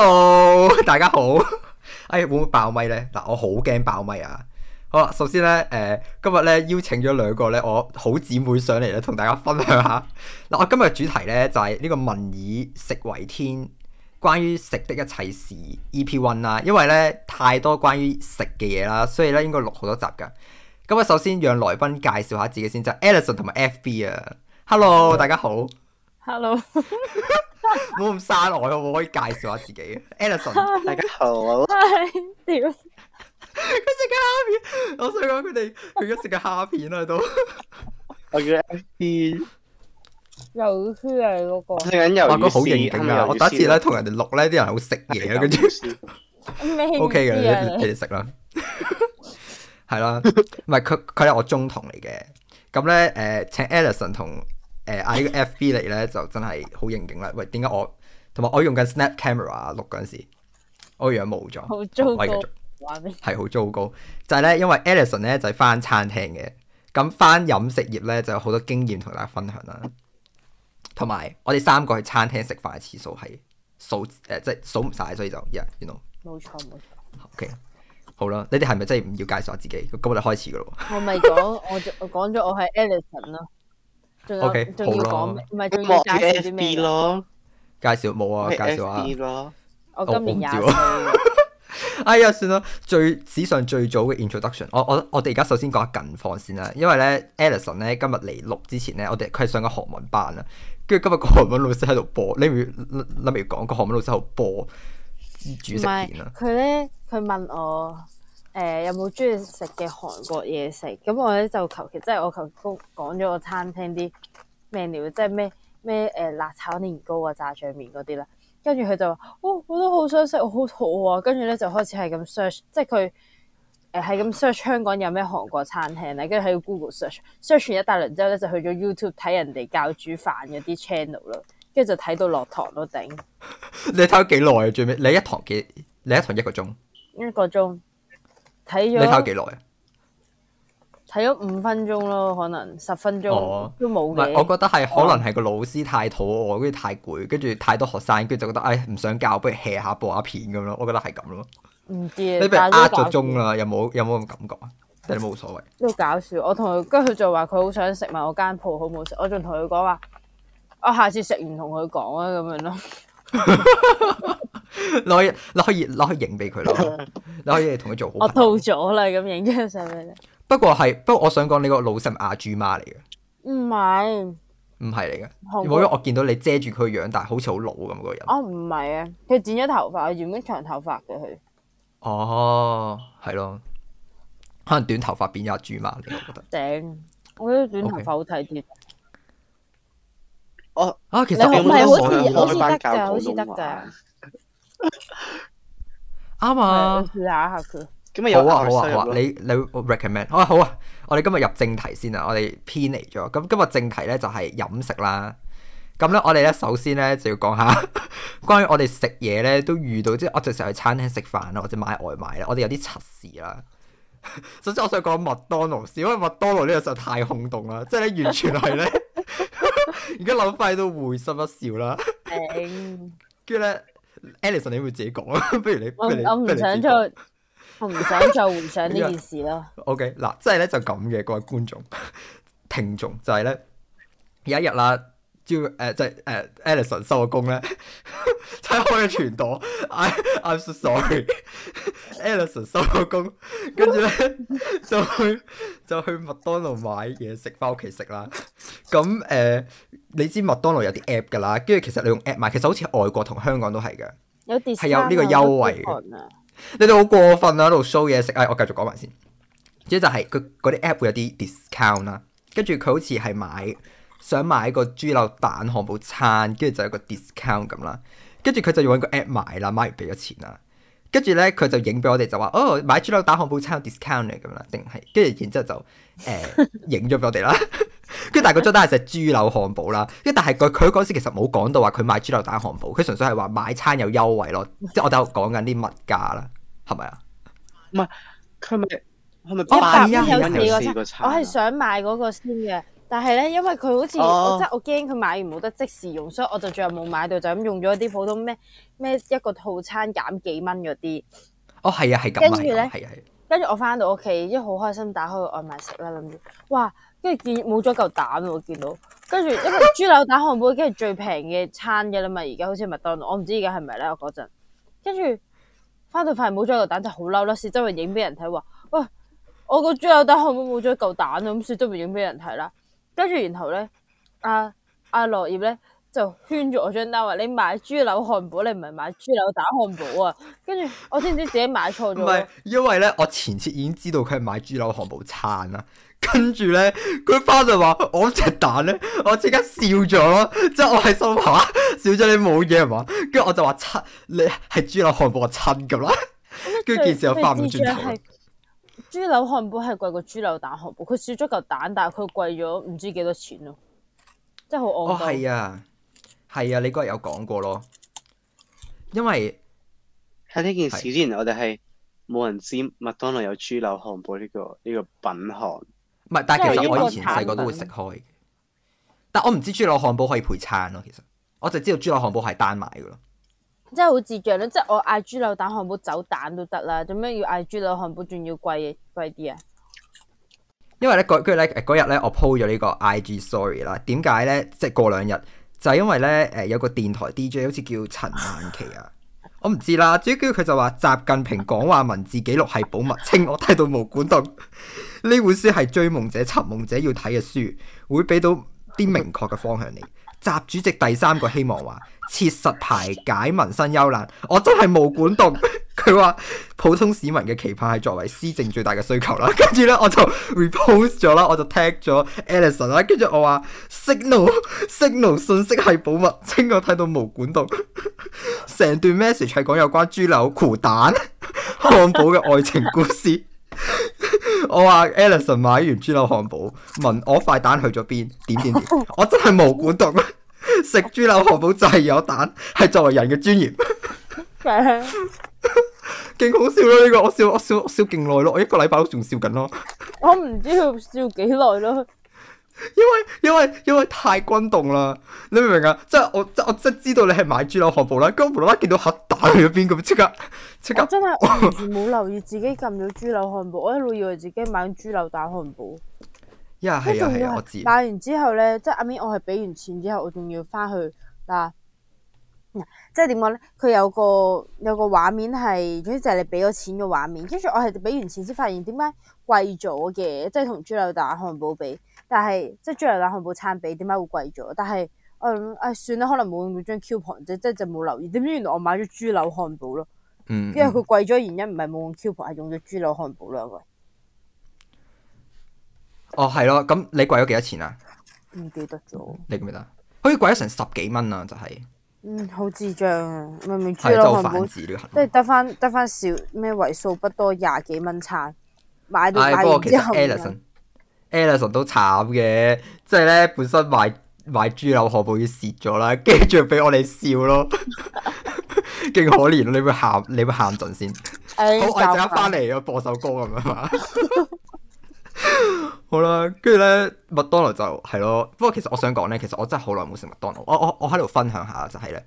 hello，大家好， 哎會唔會爆咪呢？嗱，我好驚爆咪啊！好啦，首先呢，誒、呃，今日呢，邀請咗兩個呢，我好姊妹上嚟咧，同大家分享下。嗱， 我今日主題呢，就係、是、呢個民以食為天，關於食的一切事 E P one 啦。因為呢，太多關於食嘅嘢啦，所以呢應該錄好多集㗎。今日首先讓來賓介紹下自己先。就 e、是、l i s o n 同埋 F B 啊，hello，hello. 大家好，hello。 冇咁耐，外， 我可以介紹下自己。Alison， 大家好都。屌，佢食嘅蝦片。我想講佢哋，佢而家食嘅蝦片啊都。 我叫阿 B，又魚嚟嗰個。食緊魷，個好認真啊。我第一次咧同人哋錄呢啲人好食嘢啊。跟住，O K 嘅，你哋食啦。係啦，唔係佢，佢係我中同嚟嘅。咁咧，誒，請 Alison 同。誒，嗌、 呃這個 f b 嚟咧，就真係好應景啦。喂，點解我同埋我用緊 Snap Camera 錄嗰陣時，我個樣模糊咗，係好糟糕。係好、哦、糟糕，就係、是、咧，因為 Ellison 咧就係、是、翻餐廳嘅，咁翻飲食業咧就有好多經驗同大家分享啦。同埋我哋三個去餐廳食飯嘅次數係數誒，即係數唔晒，所以就一，原來冇錯冇錯。O、okay, K，好啦，你哋係咪真係唔要介紹我自己？咁我哋開始噶咯。我咪講， 我我講咗我係 Ellison 咯。O Okay , K 好咯吧，咪仲要介紹啲咩咯？介紹冇啊，咯介紹下、啊。我今年有， 哎呀，算啦。最史上最早嘅 introduction，我我我哋而家首先講下近況先啦。因為咧，Alison 咧今日嚟錄之前咧，我哋佢係上緊韓文班啦。跟住今日個韓文老師喺度播，你咪諗咪講個韓文老師喺度播主食片啦。佢咧，佢問我。誒、呃、有冇中意食嘅韓國嘢食咁？我咧就求其，即係我求其講咗個餐廳啲 menu，即係咩咩誒辣炒年糕啊、炸醬麵嗰啲啦。跟住佢就話：哦，我都好想食，我好肚餓啊。跟住咧就開始係咁 search，即係佢誒係咁 search 香港有咩韓國餐廳啦。跟住喺 Google search search 完一大輪之後咧，就去咗 YouTube 睇人哋教煮飯嗰啲 channel 啦。跟住就睇到落堂都頂。你睇咗幾耐啊？最尾你一堂幾？你一堂一個鐘？一個鐘。睇咗，睇咗你幾耐啊？睇咗五分鐘咯，可能十分鐘、哦、都冇。唔係，我覺得係、哦、可能係個老師太肚餓，跟住太攰，跟住太多學生，跟住就覺得唉唔、哎、想教，不如 hea 下播下片咁咯。我覺得係咁咯。唔知 你係唔係呃咗鐘啊？有冇有冇咁感覺啊？但係你冇所謂。都搞笑！我同佢跟住佢就話佢好想食埋我間鋪，好唔好食？我仲同佢講話，我下次食完同佢講啊，咁樣咯。 攞去攞去攞去影俾佢啦，攞去同佢做好。我套咗啦，咁影張相俾你。不過係，不過我想講，你個老實阿豬媽嚟嘅？唔係，唔係嚟嘅。因為我見到你遮住佢樣，但係好似好老咁個人。哦，唔係啊，佢剪咗頭髮，原本長頭髮嘅佢。哦，係咯，可能短頭髮變咗阿豬媽嚟，我覺得。頂，我覺得短頭髮好睇啲。哦，啊，其實我唔係好似好似得噶，好似得噶。啱啊，試下下佢。咁啊有啊，好啊，好啊。 你你 recommend？好啊，好啊。我哋今日入正題先啊，我哋偏離咗。咁今日正題咧就係、是、飲食啦。咁咧我哋咧首先咧就要講下關於我哋食嘢咧都遇到即係。我就成日去餐廳食飯啦，或者買外賣啦。我哋有啲測試啦。首先我想講麥當勞，因為麥當勞呢樣實在太空洞啦，即係咧完全係咧，而家諗返都會心一笑啦。跟住咧。a 艾莉森，Alison, 你會自己講， 不如你，我我唔想再，我唔想再 回想呢件事咯、 okay,。OK，嗱，即係咧就咁嘅各位觀眾聽眾，就係、是、咧有一日啦。叫即係誒 Alison 收個工咧，拆、啊就是啊、 開咗全檔。I I'm so sorry。 Alison 收個工，跟住咧 就去就去麥當勞買嘢食，翻屋企食啦。咁 誒、嗯，你知麥當勞有啲 app 㗎啦，跟住其實你用 app 買，其實好似外國同香港都係嘅，係有呢個優惠嘅。你哋好過分啊！喺度 show 嘢食啊！我繼續講埋先。即係就係佢嗰啲 app 會有啲 discount 啦，跟住佢好似係買，想買一個豬柳蛋漢堡餐，跟住就有一個 discount 咁啦。跟住佢就用一個 app 買啦，買完俾咗錢啦。跟住咧，佢就影俾我哋就話：哦，買豬柳蛋漢堡餐有 discount 嚟咁啦，定係跟住然之後就誒影咗俾我哋啦。跟住但個張單係豬柳漢堡啦。跟住但係佢佢嗰時其實冇講到話佢買豬柳蛋漢堡，佢純粹係話買餐有優惠咯。即係我哋講緊啲物價啦，係咪啊？唔係，佢咪佢咪買，哦，買我係想買嗰個先嘅。但係咧，因為佢好似、哦、我真係我驚佢買完冇得即時用，所以我就最後冇買到，就咁用咗啲普通咩咩一個套餐減幾蚊嗰啲。哦，係啊，係咁啊，係啊係。跟住我翻到屋企，一好開心打開個外賣食啦，諗住哇，跟住見冇咗嚿蛋我見到，跟住因為豬柳蛋漢堡已經，已經係最平嘅餐嘅啦嘛，而家好似麥當勞，我唔知而家係咪咧，我嗰陣，跟住翻到快冇咗嚿蛋，就好嬲啦，先周圍影俾人睇話，喂，我個豬柳、柳蛋漢堡冇咗嚿蛋啊，咁先周圍影俾人睇啦。跟住，然後咧，阿阿落葉咧就圈住我張單話：你買豬柳漢堡，你唔係買豬柳蛋漢堡啊！跟住我先知自己買錯咗。唔係，因為咧，我前次已經知道佢係買豬柳漢堡餐啦。跟住咧，佢翻嚟話我隻蛋咧，我即刻笑咗咯。即係我喺心下笑咗：笑你「你冇嘢嘛？跟住我就話：親，你係豬柳漢堡親咁啦。跟住件事就返唔到轉頭。豬柳漢堡係貴過豬柳蛋漢堡，佢少咗嚿蛋，但係佢貴咗唔知幾多錢咯，真係好戇。哦，係啊，係啊，你嗰日有講過咯。因為喺呢件事之前，是我哋係冇人知麥當勞有豬柳漢堡呢個呢個品項。唔係，但係其實我以前細個都會食開嘅。這這但我唔知豬柳漢堡可以配餐咯，啊，其實我就知道豬柳漢堡係單買嘅咯。真係好自作啦！即係我嗌豬柳蛋漢堡走蛋都得啦，做咩要嗌豬柳漢堡仲要貴貴啲啊？因為咧，嗰日咧，我 po 咗呢個 IG story 啦。點解咧？即係過兩日就係、是、因為咧，誒，有個電台 DJ 好似叫陳曼琪啊，我唔知啦。主要佢就話習近平講話文字記錄係保密，稱我睇到毛管戙。呢 本書係追夢者、尋夢者要睇嘅書，會俾到啲明確嘅方向嚟。習主席第三個希望話，切實排解民生憂難。我真係冇管動，佢話普通市民嘅期盼係作為施政最大嘅需求啦。跟住呢，我就 repost 咗啦，我就 tag 咗 Alison 啦。跟住我話 signal signal 信息係保密，真我睇到冇管動，成段 message 係講有關豬柳、酷蛋、漢堡嘅愛情故事。 我話 Alison 買完豬柳漢堡，問我塊蛋去咗邊？點點點？我真係無管動，食豬柳漢堡就係有蛋，係作為人嘅尊嚴。係，勁好笑咯！呢、這個我笑我笑我笑勁耐咯，我一個禮拜都仲笑緊咯。 我唔知佢笑幾耐咯，因為因為因為太轟動啦，你明唔明啊？即係我，我即我即知道你係買豬柳漢堡啦，跟住無啦啦見到核蛋去咗邊咁即刻。 我真係完全冇留意自己撳咗豬柳漢堡，我一路以為自己買咗豬柳蛋漢堡。一係係我買完之後呢？即係阿咪，我係俾完錢之後，我仲要翻去嗱，即係點講呢？佢有個有個畫面係，總之就係、是、你俾咗錢嘅畫面。跟住我係俾完錢先發現點解貴咗嘅，即係同豬柳蛋漢堡比，但係即係豬柳蛋漢堡餐比，點解會貴咗？但係，嗯，唉、哎，算啦，可能冇用到張 coupon 即係就冇、是、留意。點知原來我買咗豬柳漢堡咯。因為佢貴咗原因唔係冇用 coupon，係用咗豬柳漢堡兩個。哦，係咯，咁你貴咗幾多錢啊？唔記得咗。嗯、你記唔記得？好似貴咗成十幾蚊啊，就是、就係。嗯，好智障啊！明明豬柳漢堡，即係得翻得翻少咩？為數不多廿幾蚊餐，買到買完之後。Alison Alison 都慘嘅，即係咧本身賣賣豬柳漢堡要蝕咗啦，跟住俾我哋笑咯。 勁可憐，你會喊你會喊陣先。 好，我陣間翻嚟我播首歌咁樣吓。 好啦，跟住咧，麥當勞就係咯。不過其實我想講咧，其實我真係好耐冇食麥當勞。我我我喺度分享下就係、是、咧，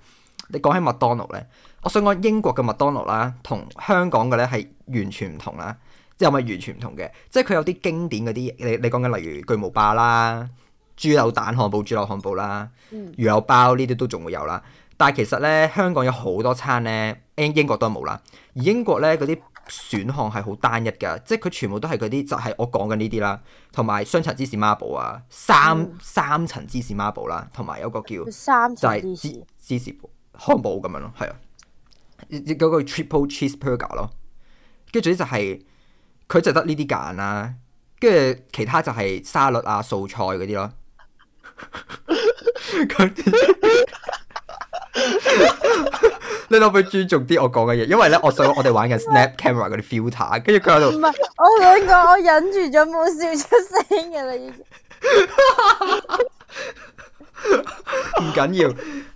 你講起麥當勞咧，我想講英國嘅麥當勞啦，同香港嘅咧係完全唔同啦，即係有咪完全唔同嘅，即係佢有啲經典嗰啲，你你講緊例如巨無霸啦、豬柳蛋漢堡、豬柳漢堡啦、魚柳包呢啲都仲會有啦。但係其實咧，香港有好多餐咧，英英國都冇啦。而英國咧嗰啲選項係好單一㗎，即係佢全部都係嗰啲就係、是、我講緊呢啲啦，同埋雙層芝士孖堡啊，三、嗯、三層芝士孖堡啦，同埋有個叫三層芝士就芝，芝士漢堡咁樣咯，係啊，嗰、那個 triple cheese burger 咯。跟住咧就係、是、佢就得呢啲揀啦，跟住其他就係沙律啊、素菜嗰啲咯。 你可唔可以尊重啲我講嘅嘢？因為咧，我想我哋玩緊 Snap Camera 嗰啲 filter，跟住佢喺度。唔係我兩個，我忍住咗冇笑出聲嘅啦，已、 哎、經唔緊要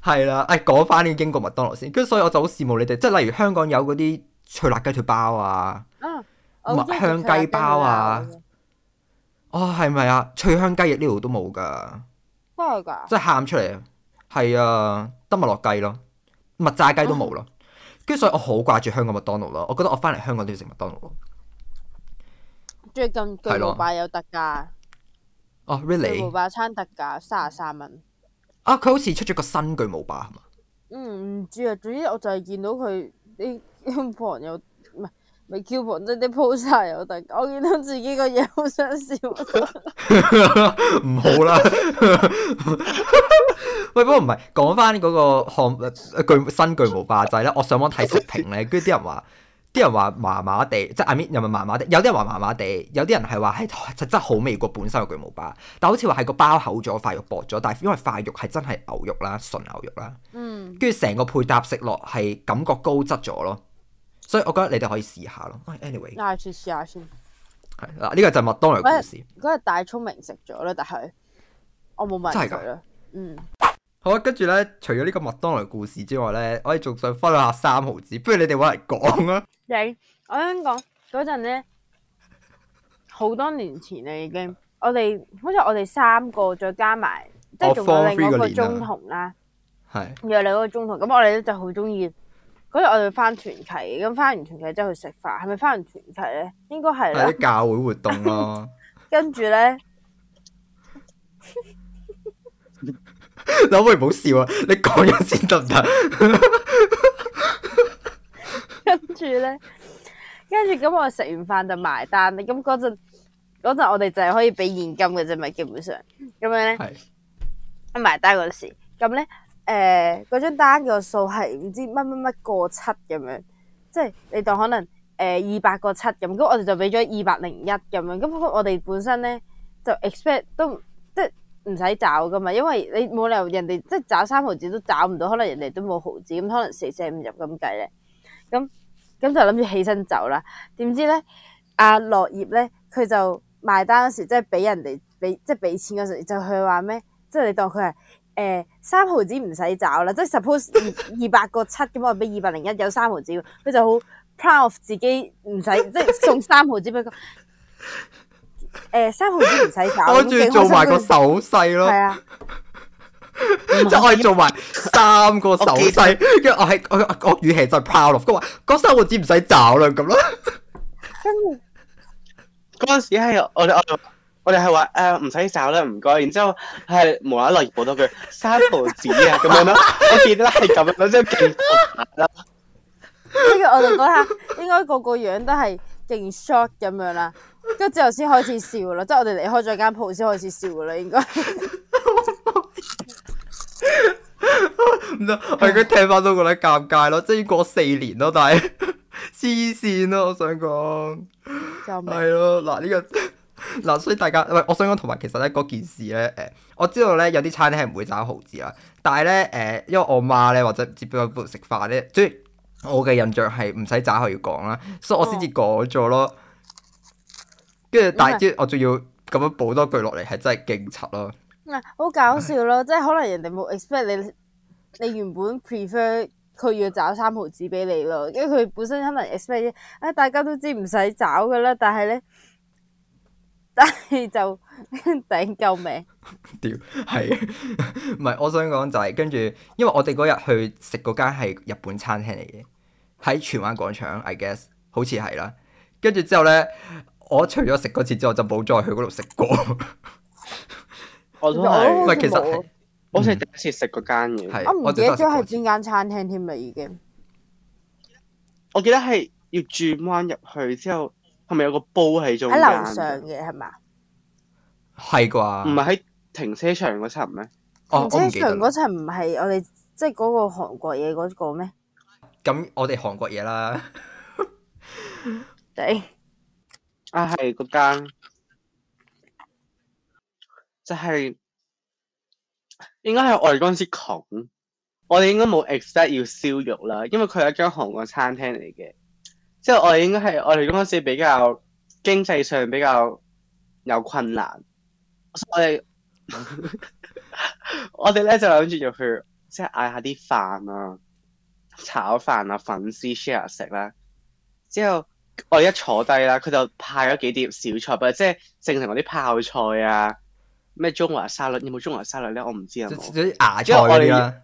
係啦。誒，講翻啲英國麥當勞先，跟住所以我就好羨慕你哋。即係例如香港有嗰啲脆辣雞腿包啊，麥、啊、香雞包啊，包啊哦，係咪啊？脆香雞翼呢度都冇噶，真係噶，即係喊出嚟係啊。麥樂雞咯，麥炸雞都冇咯，跟住、啊、所以我好掛住香港麥當勞咯，我覺得我翻嚟香港都要食麥當勞咯。最近巨無霸有特價哦、oh，really？巨無霸餐特價三十三蚊啊！佢好似出咗個新巨無霸係嘛？嗯，唔知啊，總之我就係見到佢啲旁有。未 c o 真啲鋪晒我，我見到自己個嘢好想笑，唔 好啦了。喂， 不過唔係講翻嗰個項巨，巨新巨無霸就係咧，我上網睇食評咧，跟住啲人話，啲人話麻麻地，即係 I mean 又咪麻麻地，有啲人話麻麻地，有啲人係話係實真好味過本身個巨無霸，但好似話係個包厚咗，塊肉薄咗，但係因為塊肉係真係牛肉啦，純牛肉啦，嗯，跟住成個配搭食落係感覺高質咗咯。所以我覺得你哋可以試下咯。Anyway，下次試下先。係嗱、啊，呢、呢個就麥當勞故事。嗰日大聰明食咗咧，但係我冇問佢咯。嗯，好啊。跟住咧，除咗呢個麥當勞故事之外咧，我哋仲想分享下三毫子。不如你哋揾嚟講啊。應，我想講嗰陣咧，好多年前啊，已經我哋好似我哋三個，再加埋即係仲有另外一個中同啦。係放。又有兩個中同，咁是我哋咧就好中意。嗰日我哋翻團契，咁翻完團契之後去食飯，係咪翻完團契咧？應該係啦。啲教會活動咯。跟住咧，可唔可以唔好笑啊！你講咗先得唔得？跟住咧，跟住咁我食完飯就埋單啦。咁嗰陣，嗰陣我哋就係可以俾現金嘅啫咪基本上咁樣咧。係。一埋單嗰時，咁咧。誒嗰、呃、張單個數係唔知乜乜乜個七咁樣，即係你當可能誒二百個七咁，咁、呃、我哋就俾咗二百零一咁樣，咁我哋本身咧就 expect 都即係唔使找噶嘛，因為你冇理由人哋即係找三毫子都找唔到，可能人哋都冇毫子，咁可能四捨五入咁計咧，咁咁就諗住起身走啦。點知咧，阿落葉咧，佢就埋單嗰時，即係俾人哋俾即係俾錢嗰時就佢話咩？即係你當佢係。誒、欸、三毫子唔使找啦，即係 suppose 二百個七咁，我俾二百零一有三毫子，佢就好 proud of 自己唔使即係送三毫子俾佢。誒、欸、三毫子唔使找，跟住做埋個手勢咯。係、嗯、啊，唔可以做埋三個手勢，跟住我係記我我語氣就 proud of 佢話嗰三毫子唔使找啦咁咯。跟住嗰時係我哋我。我我我的我哋係話誒，唔使找啦，唔該。然之後係無啦啦播多句三毫紙啊咁樣咯。 我見得係咁咯，真係勁啦。跟住我就嗰下應該個個樣都係勁 shot 咁樣啦。跟住之後先開始笑啦，即係我哋離開咗間鋪先開始笑啦。應該唔得，我而家聽翻都覺得尷尬咯。即係要過四年咯，但係黐線咯，我想講就係咯。嗱呢沒、這個。嗱，所以大家，喂，我想講同埋，其實咧嗰件事咧，誒、呃，我知道咧有啲餐廳係唔會找毫子啦，但係咧，誒、呃，因為我媽咧或者唔知邊個食飯咧，即係我嘅印象係唔使找，佢要講啦，所以我先至改咗咯。跟住、哦，但係、嗯、我仲要咁樣補多句落嚟，係真係勁柒咯。唔好、嗯、搞笑咯，即係可能人哋冇 expect 你，你原本 prefer 佢要找三毫子俾你咯，因為佢本身可能 expect，啊、哎，大家都知唔使找噶啦，但係咧。 但係是就頂救 夠命屌係唔係我想講就係、是、跟住，因為我哋嗰日去食嗰間係日本餐廳嚟嘅，喺荃灣廣場，I guess 好似係啦。跟住之後咧，我除咗食嗰次之後，就冇再去嗰度食過。 我唔係 其實係是，我係第一次食嗰間嘢。我唔記得咗係邊間餐廳添啦，已經。我記得係要轉彎入去之後。係咪有個煲喺中間？喺樓上嘅係嘛？係啩？唔係喺停車場嗰層咩？哦、停車歇場嗰層唔係我哋即係嗰個韓國嘢嗰個咩？咁我哋韓國嘢啦。誒 對，啊係嗰間，就係、是、應該係我哋嗰陣時窮，我哋應該冇 expect 要燒肉啦，因為佢係一間韓國餐廳嚟嘅。即係我哋應該係我哋嗰陣時比較經濟上比較有困難，我哋 我哋咧就諗住要去即係嗌下啲飯啊、炒飯啊、粉絲 share 食啦。之後我哋一坐低啦，佢就派咗幾碟小菜俾，即係剩剩嗰啲泡菜啊、咩中華沙律，有冇中華沙律咧？我唔知有冇。嗰啲牙炒嘅。即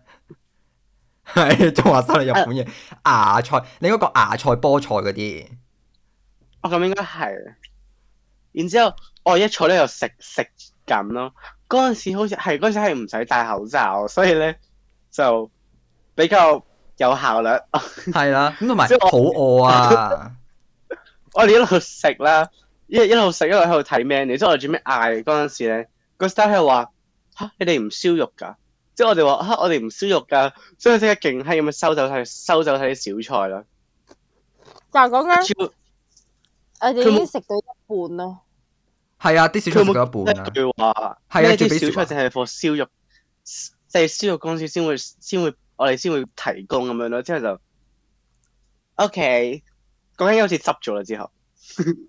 係仲話你日本嘢、啊、芽菜，你嗰個芽菜、菠菜嗰啲，我咁、哦、應該係。然之後我一坐咧就食食咁咯，嗰陣時好似係嗰陣時係唔使戴口罩，所以咧就比較有效率。係 啦，咁同埋即係好餓啊！我哋一路食啦，一一路食一路喺度睇咩？你知我哋後咩嗌嗰陣時咧，個 staff 喺度話吓你哋唔燒肉㗎。即係我哋話嚇，我哋唔燒肉㗎，所以即刻勁係咁樣收走曬，收走曬啲小菜啦。但係講緊，我哋且已經食到一半咯。係啊，啲小菜食到一半啊。譬如話，咩啲、啊、小菜就係放燒肉，即係、啊、燒肉公司先會先會，我哋先會提供咁樣咯。之後就 OK，講緊好似執咗啦。之後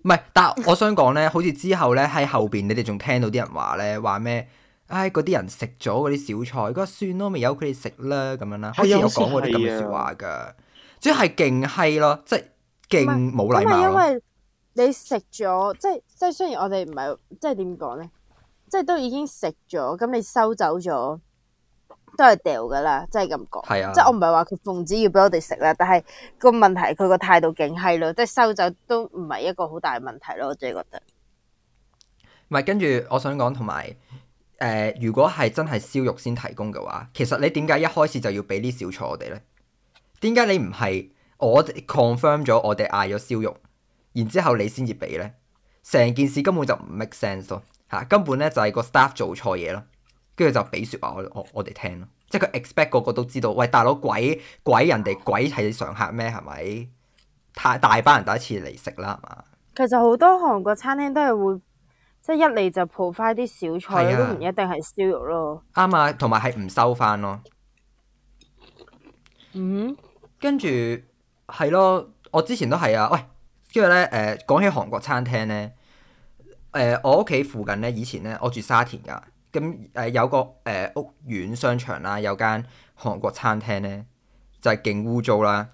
唔係， 但我想講咧，好似之後咧喺後邊，你哋仲聽到啲人話咧話咩？唉，嗰啲、哎、人食咗嗰啲小菜，佢 話算咯，咪由佢哋食啦，咁樣啦。開始有講過啲咁嘅説話㗎，主要係勁閪咯，即係勁冇禮貌。因為你食咗，即係即係，雖然我哋唔係，即係點講咧，即係都已經食咗，咁你收走咗都係掉㗎啦，即係咁講。係是啊，即，即係我唔係話佢奉旨要俾我哋食啦，但係個問題佢個態度勁閪咯，即係收走都唔係一個好大問題咯，我自己覺得。唔係，跟住我想講同埋。誒、呃，如果係真係燒肉先提供嘅話，其實你點解一開始就要俾啲小菜我哋呢？點解你唔係我 confirm 咗我哋嗌咗燒肉，然之後你先至俾呢？成件事根本就唔 make sense 咯，嚇！根本呢就係、是、個 staff 做錯嘢咯，跟住就俾説話我我哋聽咯，即係佢 expect 個個都知道，喂，大佬鬼鬼人哋鬼係啲常客咩係咪？太大班人第一次嚟食啦，係嘛？其實好多韓國餐廳都係會。即係一嚟就 provide 啲小菜，啊、都唔一定係燒肉咯。啱啊，同埋係唔收翻咯。嗯、mm，hmm. 跟住係咯，我之前都係啊。喂，跟住咧，誒講起韓國餐廳咧，誒、呃、我屋企附近咧以前咧，我住沙田噶，咁、呃、誒有個誒、呃、屋苑商場啦，有間韓國餐廳咧，就係勁污糟啦。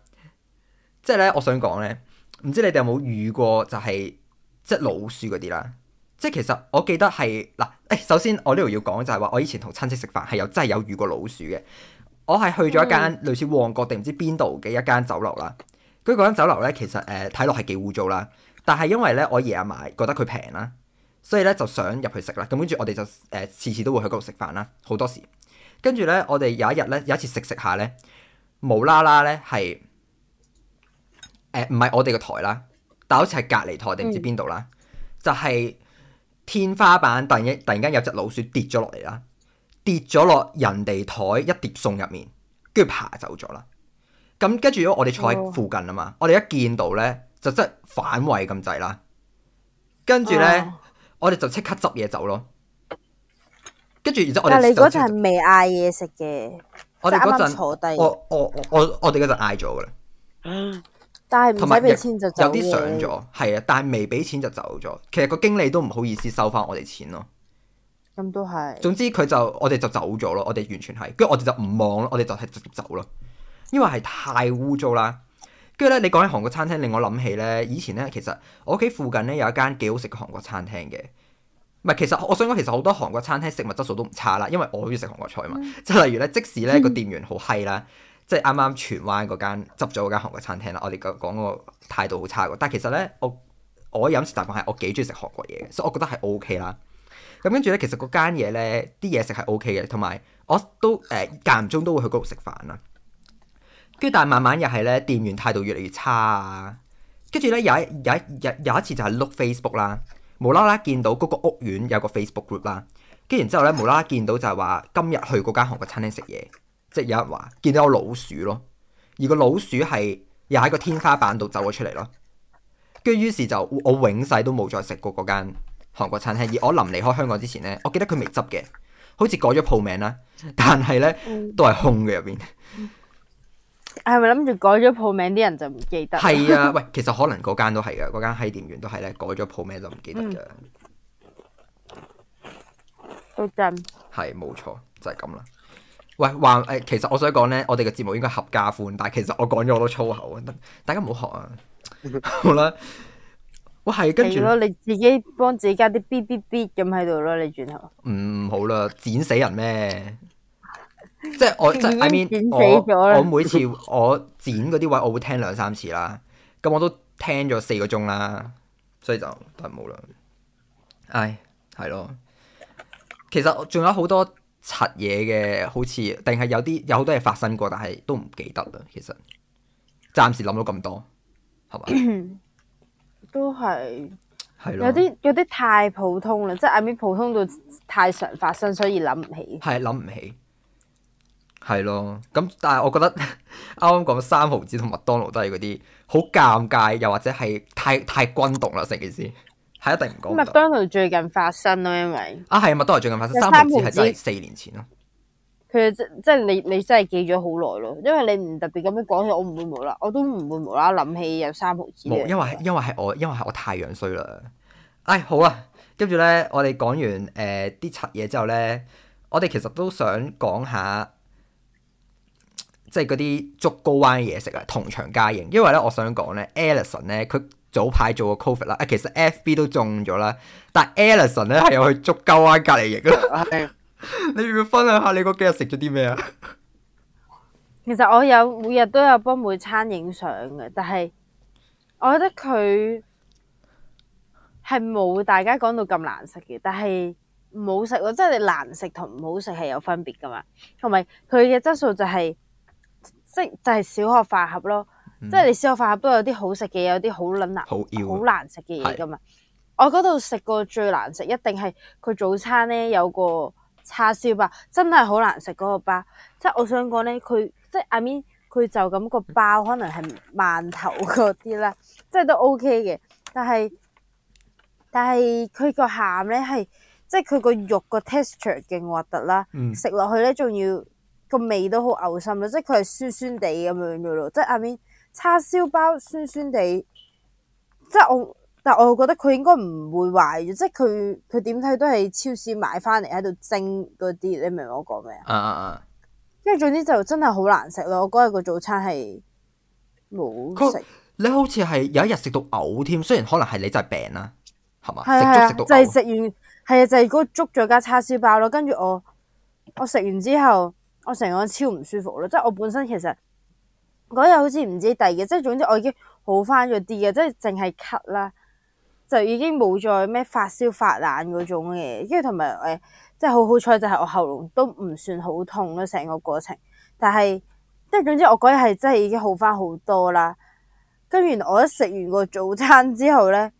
即係咧，我想講咧，唔知你哋有冇遇過就係即係老鼠嗰啲啦。即係其實，我記得係嗱誒。首先，我呢度要講就係話，我以前同親戚食飯係有真係有遇過老鼠嘅。我係去咗一間類似旺角定唔知邊度嘅一間酒樓啦。跟住嗰間酒樓咧，其實誒睇落係幾污糟啦。但係因為咧，我爺阿嫲覺得佢平啦，所以咧就想入去食啦。咁跟住我哋就誒次次都會去嗰度食飯啦，好多時。跟住咧，我哋有一日咧，有一次食食下咧，無啦啦咧係誒唔係我哋嘅台啦，但好似係隔離台定唔知邊度啦，就係。天花板突然突然間有隻老鼠跌咗落嚟啦，跌咗落人哋枱一碟餸入面，跟住爬走咗啦。咁跟住如果我哋坐喺附近啊嘛，哦、我哋一見到咧就真係反胃咁滯啦。跟住咧，啊、我哋就即刻執嘢走咯。跟住，然之後，後我哋但係你嗰陣未嗌嘢食嘅，我哋啱啱坐低。我我我我哋嗰陣嗌咗噶啦。嗯但係唔使俾錢就走嘅，有啲上咗，係啊！ 但係未俾錢就走咗。其實個經理都唔好意思收翻我哋錢咯。咁都係。總之佢就我哋就走咗咯，我哋完全係，跟住我哋就唔望咯，我哋就係直接走咯，因為係太污糟啦。跟住咧，你講起韓國餐廳，令我諗起咧，以前咧，其實我屋企附近咧有一間幾好食嘅韓國餐廳嘅。唔係，其實我想講，其實好多韓國餐廳食物質素都唔差啦，因為我好中意食韓國菜嘛。即係 例如咧，即使咧個店員好閪啦。 即係啱啱荃灣嗰間執咗嗰間韓國餐廳啦，我哋講講個態度好差嘅，但係其實咧，我我飲食習慣係我幾中意食韓國嘢嘅，所以我覺得係 OK 啦。咁跟住咧，其實嗰間嘢咧啲嘢食係 OK 嘅，同埋我都誒間唔中都會去嗰度食飯啊。跟住但係慢慢又係咧，店員態度越嚟越差啊。跟住咧有有一日有，有一次就係碌 Facebook 啦，無啦啦見到嗰個屋苑有個 Facebook group 啦，跟住然之後咧無啦啦見到就係話今日去嗰間韓國餐廳食嘢。即係有人話見到有老鼠咯，而個老鼠係又喺個天花板度走咗出嚟咯。跟住於是就我永世都冇再食過嗰間韓國餐廳。而我臨離開香港之前咧，我記得佢未執嘅，好似改咗鋪名啦。但係咧都係空嘅入邊。係咪諗住改咗鋪名啲人就唔記得？係 啊，喂，其實可能嗰間都係噶，嗰間閪店員都係咧改咗鋪名就唔記得噶。都真係冇錯，就係咁啦。喂，話誒，其實我想講咧，我哋嘅節目應該合家歡，但係其實我講咗好多粗口啊，大家唔好學啊，好啦，我係跟住如果你自己幫自己加啲嗶嗶嗶咁喺度咯，你轉頭唔、嗯、好啦，剪死人咩？ 即係 I mean, 我即係，我我每次我剪嗰啲位，我會聽兩三次啦，咁我都聽咗四個鐘啦，所以就都冇啦。唉，係咯，其實仲有好多。柒嘢嘅，好似定係有啲有好多嘢發生過，但係都唔記得啦。其實暫時諗到咁多，係嘛？都係，係咯。有啲有啲太普通啦，即係啱啱普通到太常發生，所以諗唔起。係諗唔起，係咯。咁但係我覺得啱啱講三毫子同麥當勞都係嗰啲好尷尬，又或者係太太轟動啦，成件事。係一定唔講。麥當勞最近發生咯，因為啊，係、嗯、麥當勞最近發生三毫紙係真係四年前咯。佢即即係你你真係記咗好耐咯，因為你唔特別咁樣講起，我唔會無啦，我都唔會無啦諗起有三毫紙因為因為係我因為係我太樣衰啦。唉，好啊，跟住咧，我哋講完誒啲柒嘢之後咧，我哋其實都想講下，即係嗰啲竹篙灣嘅嘢食啊，同場加映。因為咧，我想講咧，Alison 咧，佢。早排做過 Covid 啦，啊其實 FB 都中咗啦，但係 Ellison 咧係有去捉鳩啊隔離營啦。你要唔要分享下你嗰幾日食咗啲咩啊？其實,有 要要其實我有每日都有幫每餐影相嘅，但係我覺得佢係冇大家講到咁難食嘅，但係唔好食咯，即係你難食同唔好食係有分別噶嘛，同埋佢嘅質素就係、是、即就係、是、小學飯盒咯。嗯、即係你試過飯盒都有啲好食嘅，有啲好撚難好難食嘅嘢噶嘛。我嗰度食過最難食一定係佢早餐咧有個叉燒包，真係好難食嗰個包。即係我想講咧，佢即係阿 Min 佢就咁個包可能係饅頭嗰啲啦，即係都 O K 嘅，但係但係佢個餡咧係即係佢個肉個 texture 勁核突啦，食落去咧仲要個味都好嘔心啦，即係佢係酸酸地咁樣樣噶咯，即係阿 Min。叉燒包酸酸地，即係我，但係我又覺得佢應該唔會壞，即係佢佢點睇都係超市買翻嚟喺度蒸嗰啲，你明我講咩啊？啊啊啊！跟住總之就真係好難食咯。我嗰日個早餐係冇食，你好似係有一日食到嘔添，雖然可能係你就係病啦，係嘛？食係係就係、係、食完係啊就係嗰個粥再加叉燒包咯，跟住我我食完之後我成個超唔舒服咯，即係我本身其實。嗰日好似唔知第二日，即係總之我已經好翻咗啲嘅，即係淨係咳啦，就已經冇再咩發燒發冷嗰種嘅。跟住同埋誒，即係好好彩就係我喉嚨都唔算好痛咯。成個過程，但係即係總之我嗰日係真係已經好翻好多啦。跟住原來我一食完個早餐之後咧，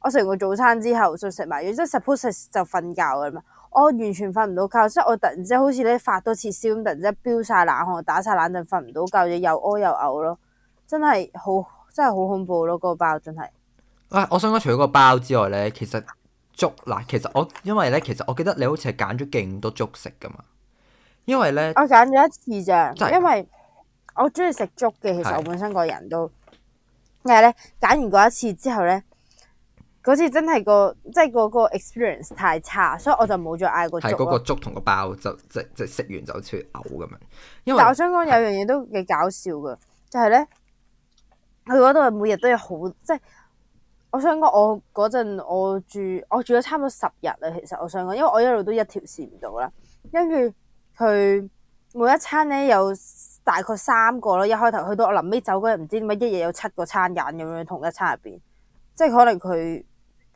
我食完個早餐之後就食埋藥，即係 suppose 就瞓覺噶嘛。我完全瞓唔到覺，即係我突然之間好似咧發多次燒咁，突然之間飆晒冷汗，打晒冷震就瞓唔到覺，又屙、呃、又嘔、呃、咯，真係好真係好恐怖咯！嗰、那個包真係。啊、哎，我想講除咗個包之外咧，其實粥嗱，其實我因為咧，其實我記得你好似係揀咗勁多粥食㗎嘛，因為咧，我揀咗一次咋，的因為我中意食粥嘅，其實我本身個人都咩咧，揀的完嗰一次之後咧。嗰次真係個即係嗰個 experience 太差，所以我就冇再嗌、嗯嗰個粥。係個粥同個包就即即食完就好似嘔咁樣。因為但我想講有樣嘢都幾搞笑噶，就係、是、咧，佢嗰度每日都有好即係。我想講我嗰陣我住我住咗差唔多十日啦。其實我想講，因為我一路都一條線唔到啦，跟住佢每一餐咧有大概三個咯。一開頭去到我臨尾走嗰日，唔知點解一日有七個餐飲咁樣同一餐入邊，即係可能佢。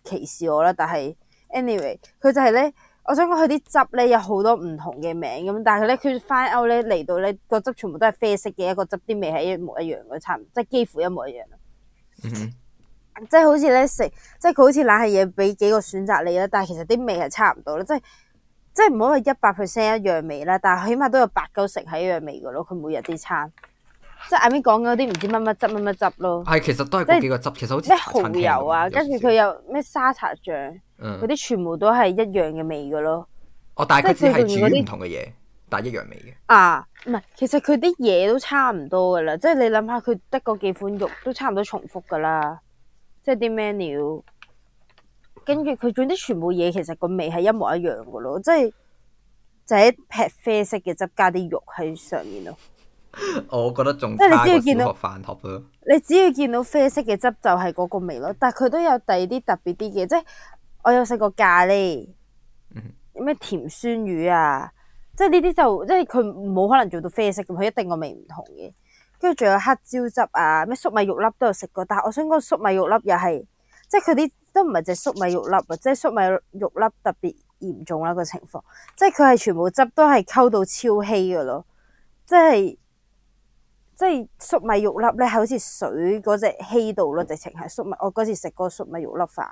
歧視我啦，但係 anyway，佢就係、是、咧，我想講佢啲汁咧有好多唔同嘅名咁，但係咧佢翻歐咧嚟到咧個汁全部都係啡色嘅一個汁，啲味係一模一樣嘅，差唔即係幾乎一模一樣、mm hmm. 即係好似咧食，即係佢好似冷係嘢俾幾個選擇你啦，但係其實啲味係差唔多啦，即係即係唔可以一百 percent 一樣味啦，但係起碼都有八九成係一樣味嘅咯，佢每日啲餐。即係阿邊講嗰啲唔知乜乜汁乜乜汁咯，係其實都係嗰幾個汁，其實好似咩蠔油啊，跟住佢有咩沙茶醬，嗰啲、嗯、全部都係一樣嘅味噶咯。哦，但係佢只係煮唔同嘅嘢，但一樣味嘅。啊，唔係，其實佢啲嘢都差唔多噶啦，即係你諗下佢得嗰幾款肉都差唔多重複噶啦，即係啲 menu，跟住佢總啲全部嘢其實個味係一模一樣噶咯，即係就喺劈啡色嘅汁加啲肉喺上面咯。我覺得仲即係你只要見到， 你只要見到啡色嘅汁就係嗰個味咯。但係佢都有第二啲特別啲嘅，即係我有食過咖喱，咩甜酸魚啊，即係呢啲就即係佢冇可能做到啡色咁，佢一定個味唔同嘅。跟住仲有黑椒汁啊，咩粟米肉粒都有食過。但係我想講粟米肉粒又係，即係佢啲都唔係只粟米肉粒啊，即係粟米肉粒特別嚴重啦、啊個情況，即係佢係全部汁都係溝到超稀噶咯，即係。即係粟米肉粒咧，係好似水嗰隻稀度咯，直情係粟米。我嗰時食過粟米肉粒飯，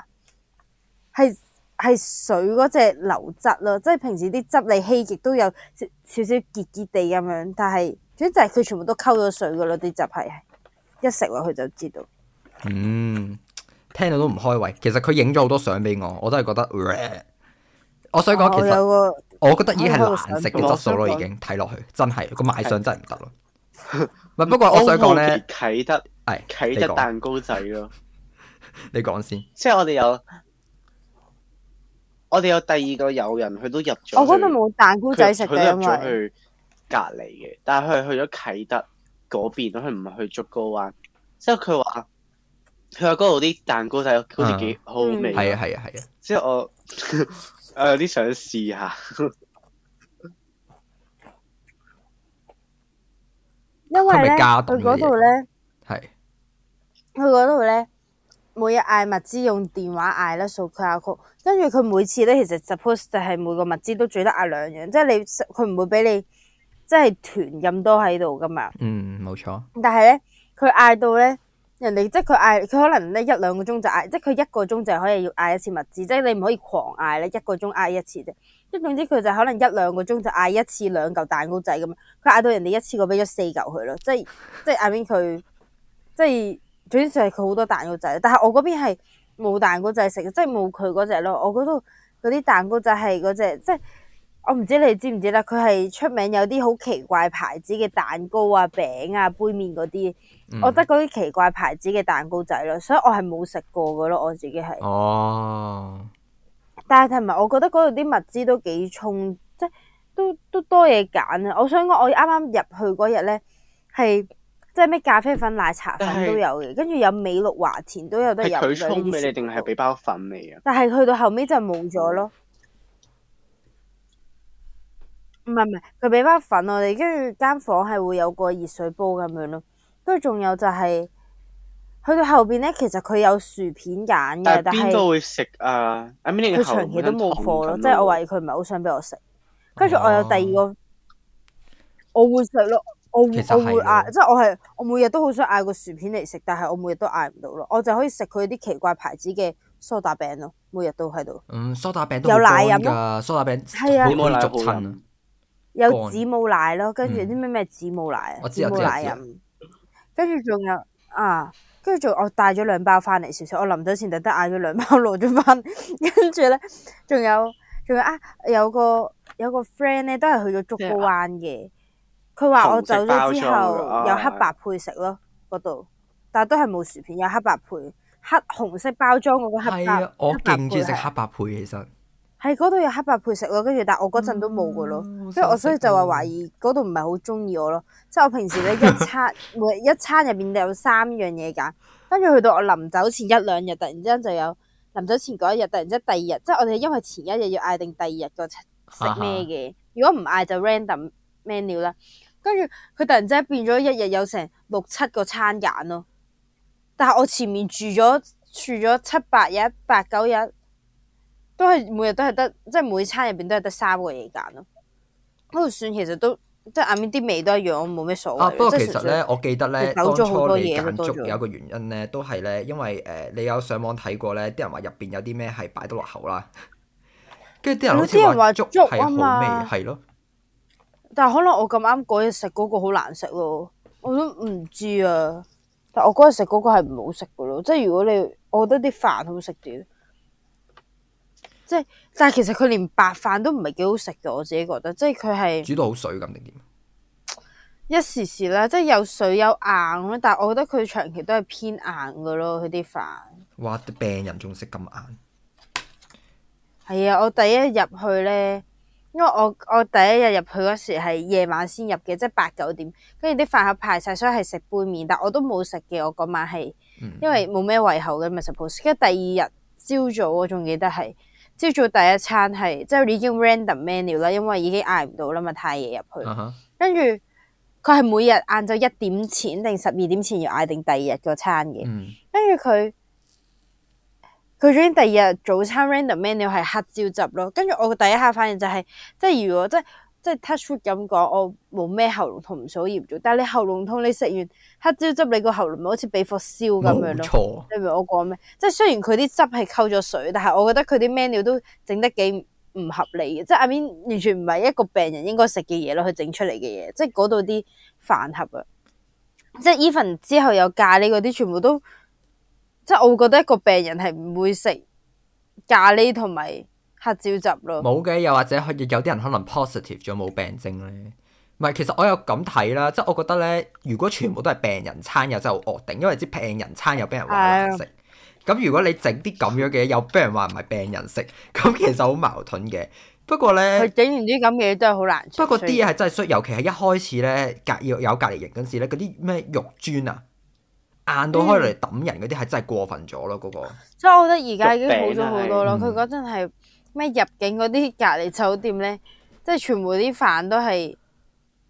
係係水嗰隻流質咯。即係平時啲汁你稀極都有少少少結結地咁樣。但係總之就係佢全部都溝咗水噶咯，啲汁係，一食落去就知道。嗯，聽到都唔開胃。其實佢影咗好多相俾我，我都係覺得，呃、我想講其實，我，我覺得已經係難食嘅質素咯。已經睇落去真係個賣相真係唔得咯。唔係， 不過我想講咧，啟德係啟德蛋糕仔咯。你講先，即係我哋有，我哋有第二個友人，佢都入咗去。我嗰度冇蛋糕仔食，佢入咗去隔離嘅，嗯、但係佢係去咗啟德嗰邊，佢唔係去竹篙灣。之後佢話佢話嗰度啲蛋糕仔好似幾好味，係啊係啊係啊。之後、嗯、我 我有啲想試下。 因為咧，佢嗰度咧，係佢嗰度咧，每日嗌物資用電話嗌咧，數 quota 跟住，佢每次咧，其實 suppose 就係每個物資都最多嗌兩樣，即係你，佢唔會俾你即係團咁多喺度噶嘛。嗯，冇錯。但係咧，佢嗌到咧，人哋即係佢嗌，佢可能咧一兩個鐘就嗌，即係佢一個鐘就可以要嗌一次物資，即係你唔可以狂嗌咧，一個鐘嗌一次啫。即總之佢就可能一兩個鐘就嗌一次兩嚿蛋糕仔咁樣，佢嗌到人哋一次過俾咗四嚿佢咯，即係即係嗌畀佢，即係總之就係佢好多蛋糕仔。但係我嗰邊係冇蛋糕仔食，即係冇佢嗰隻咯。我嗰度嗰啲蛋糕仔係嗰隻，即係我唔知你知唔知啦。佢係出名有啲好奇怪牌子嘅蛋糕啊、餅啊、杯麵嗰啲，嗯、我得嗰啲奇怪牌子嘅蛋糕仔咯，所以我係冇食過噶咯，我自己係。哦。但係同埋，我覺得嗰度啲物資都幾重，即係都都多嘢揀啊！我想講，我啱啱入去嗰日咧，係即係咩咖啡粉、奶茶粉都有嘅，是跟住有美祿華田都有得飲。佢沖俾你定係俾包粉味啊？但係去到後尾就冇咗咯。唔係唔係，佢俾包粉我哋，跟住間房係會有個熱水煲咁樣咯。跟住仲有就係、是。去到後邊咧，其實佢有薯片揀嘅，但係都會食啊？佢長期都冇貨咯，即係我懷疑佢唔係好想俾我食。跟住我有第二個，我會食咯，我我會嗌，即係我係我每日都好想嗌個薯片嚟食，但係我每日都嗌唔到咯，我就可以食佢啲奇怪牌子嘅梳打餅咯，每日都喺度。嗯，梳打餅有奶飲咯，梳打餅係啊，冇奶足有子母奶咯，跟住啲咩咩子母奶啊，子母奶飲，跟住仲有啊。跟住仲我帶咗兩包翻嚟小食，我臨走前特登嗌咗兩包攞咗翻。跟住咧，仲有仲有啊，有個有個 friend 咧都係去咗竹篙灣嘅。佢話我走咗之後有黑白配食咯，嗰度，但係都係冇薯片，有黑白配，黑紅色包裝嗰個黑白。係啊的，我勁中意食黑白配，白配其實。喺嗰度有黑白配食咯，跟住但我嗰陣都冇嘅咯，跟住、嗯、我所以就話懷疑嗰度唔係好中意我咯。嗯、即係我平時咧一餐每 一餐入面都有三樣嘢揀，跟住去到我臨走前一兩日，突然之間就有臨走前嗰一日，突然之間第二日，即係我哋因為前一日要嗌定第二日個食咩嘅，啊、哈 如果唔嗌就 random 咩料啦。跟住佢突然之間變咗一日有成六七個餐揀咯，但係我前面住咗住咗七八日八九日。都係每日都係得，即係每餐入邊都係得三個嘢揀咯。嗰度算其實都，即係入面啲味都一樣，我冇咩所謂。不過其實咧，我記得咧，好多嘢。揀粥有一個原因咧，都係咧，因為誒、呃，你有上網睇過咧，啲人話入邊有啲咩係擺得落口啦。跟住啲人，有啲人話粥係好味，係咯。的但係可能我咁啱嗰日食嗰個好難食咯，我都唔知啊。但我嗰日食嗰個係唔好食噶咯，即係如果你，我覺得啲飯好食啲。即係，但係其實佢連白飯都唔係幾好食嘅。我自己覺得，即係佢係煮到好水咁定點一時時咧，即係有水有硬咯。但係我覺得佢長期都係偏硬嘅咯，佢啲飯哇！啲病人仲食咁硬係啊！我第一日入去咧，因為我我第一日入去嗰時係夜晚先入嘅，即係八九點，跟住啲飯盒排晒，所以係食杯麵，但我都冇食嘅。我嗰晚係因為冇咩胃口嘅，咪 suppose、嗯。跟住第二日朝早，我仲記得係。朝早第一餐係，即係已經 random menu 啦，因為已經嗌唔到啦嘛，太夜入去。跟住佢係每日晏晝一點前定十二點前要嗌定第二日個餐嘅。跟住佢佢仲要第二日早餐 random menu 係黑椒汁咯。跟住我第一下發現就係，即係如果即係。即係 touchwood 咁講，我冇咩喉嚨痛唔數咁嚴重。但係你喉嚨痛，你食完黑椒汁，你個喉嚨咪好似被火燒咁樣咯。冇錯，你明我講咩？即係雖然佢啲汁係溝咗水，但係我覺得佢啲 menu 都整得幾唔合理嘅。即係阿 b 完全唔係一個病人應該食嘅嘢咯，佢整出嚟嘅嘢。即係嗰度啲飯盒啊，即係 even 之後有咖喱嗰啲，全部都即係我覺得一個病人係唔會食咖喱同埋。黑椒汁咯，冇嘅，又或者有啲人可能 positive 咗冇病徵咧。唔係，其實我又咁睇啦，即係我覺得咧，如果全部都係病人餐又真係惡定，因為啲病人餐又俾人話難食。咁、哎、呀如果你整啲咁樣嘅嘢，又俾人話唔係病人食，咁其實好矛盾嘅。不過咧，佢整完啲咁嘅嘢真係好難。不過啲嘢係真係衰，以尤其係一開始咧，隔有隔離營嗰陣時咧，嗰啲咩肉磚啊，硬到開嚟抌人嗰啲係真係過分咗咯，嗰、嗯那個。即係我覺得而家已經好咗好多咯，佢嗰陣係。嗯咩入境嗰啲隔離酒店咧，即係全部啲飯都係，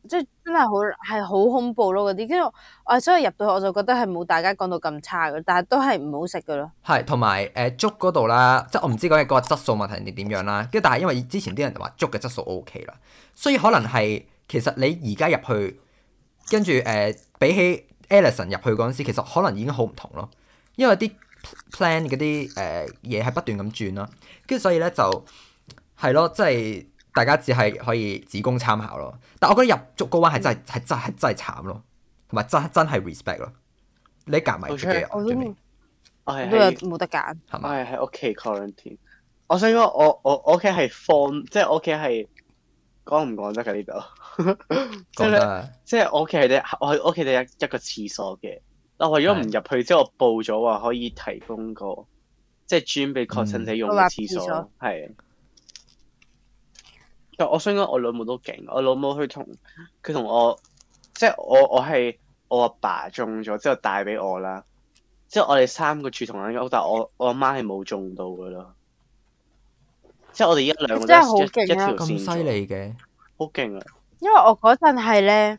即係真係好係好恐怖咯嗰啲。跟住我所以我入到去我就覺得係冇大家講到咁差嘅，但係都係唔好食嘅咯。係同埋誒粥嗰度啦，即係我唔知講嘅嗰個質素問題點樣啦。跟住但係因為之前啲人就話粥嘅質素 O K 啦，所以可能係其實你而家入去跟住誒比起 Ellison 入去嗰陣時，其實可能已經好唔同咯，因為啲。plan 嗰啲誒嘢係不斷咁轉咯，跟住所以咧就係咯，即係大家只係可以只供參考咯。但我覺得入足嗰一關係真係係真係真係慘咯，同埋真真係 respect 咯。你一夾埋自己，我都想、啊、我冇得揀。係咪？喺屋企 quarantine。我想講，我我我屋企係放，即係我屋企係講唔講得㗎呢度？ 即係是即係我屋企係我我屋企係一個一個廁所嘅。我為咗唔入去，之後我報咗話可以提供個即係專俾確診者用嘅廁所，係、嗯。但係我想講，我老母都勁，我老母佢同佢同我，即係我我係我阿爸，爸中咗之後帶俾我啦，即係我哋三個住同一間屋，但係我我阿媽係冇中到嘅咯。即係我哋一兩個真係好勁啊！一條線，咁犀利嘅，好勁啊！因為我嗰陣係咧。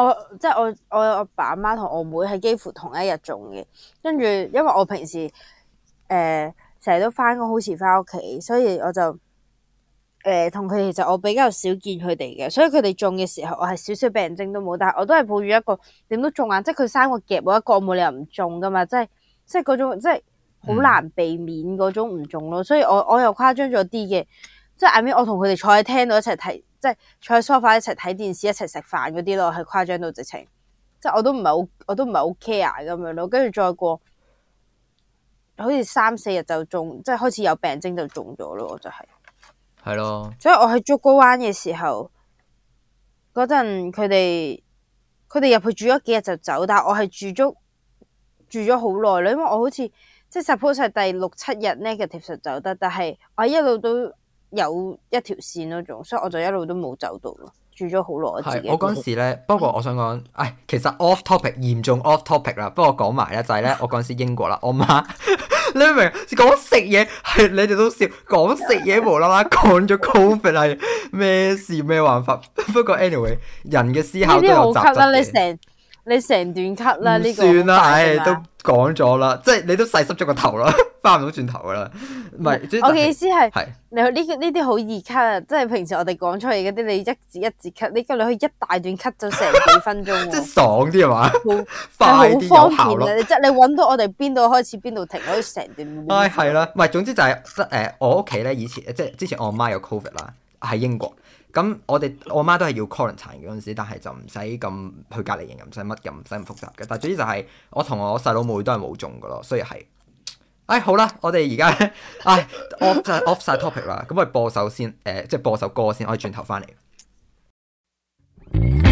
我即係我我阿爸阿媽同我妹係幾乎同一日種嘅，跟住因為我平時誒成日都翻工，好遲翻屋企，所以我就誒同佢哋就我比較少見佢哋嘅，所以佢哋種嘅時候，我係少少病徵都冇但係，我都係抱住一個點都種啊，即係佢三個夾，我一個冇理由唔種噶嘛，即係即係嗰種即係好難避免嗰種唔種咯，所以我我又誇張咗啲嘅，即係阿 m 我同佢哋坐喺廳度一齊睇。即係坐喺 sofa 一齊睇電視一齊食飯嗰啲咯，係誇張到直情，即係我都唔係好，我都唔係好 care 咁樣咯。跟住再過，好似三四日就中，即係開始有病徵就中咗，就是，咯，就係。係咯。所以我喺竹篙灣嘅時候，嗰陣佢哋，佢哋入去住咗幾日就走，但係我係住足住咗好耐啦，因為我好似即係 suppose 係第六七日呢，negative 就走得，但係我一路都。有一條線咯，仲所以我就一路都冇走到咯，住咗好耐。係我嗰陣時咧，不過我想講，唉、哎，其實 off topic 嚴重 off topic 啦。不過講埋咧，就係咧，我嗰陣時英國啦，我媽，你明唔明？講食嘢係你哋都笑，講食嘢無啦啦講咗 COVID 係咩事咩玩法？ 不過 anyway，人嘅思考都有雜質。你成段咳 u t 啦呢個，唉，都講咗啦，即係你都細濕咗個頭啦，翻唔到轉頭噶啦，唔係。我嘅意思係，係，去呢呢啲好易咳 u 啊，即係平時我哋講出嚟嗰啲，你一字一字咳，呢個你可以一大段咳，u 咗成幾分鐘，即係爽啲係嘛，好快，好方便啊！即係你搵到我哋邊度開始，邊度停，可以成段。唉，係啦，唔係，總之就係，誒，我屋企咧以前，即係之前我媽有 c o v i d 啦，喺英國。咁我哋我媽都係要 quarantine 嗰陣時，但係就唔使咁去隔離營，唔使乜，咁唔使咁複雜嘅。但係總之就係我同我細佬妹都係冇中嘅咯，所以係，唉。好啦，我哋而家，唉 off 晒 off 曬 topic 啦，咁我播首先，誒、呃、即係播首歌先，我哋轉頭翻嚟。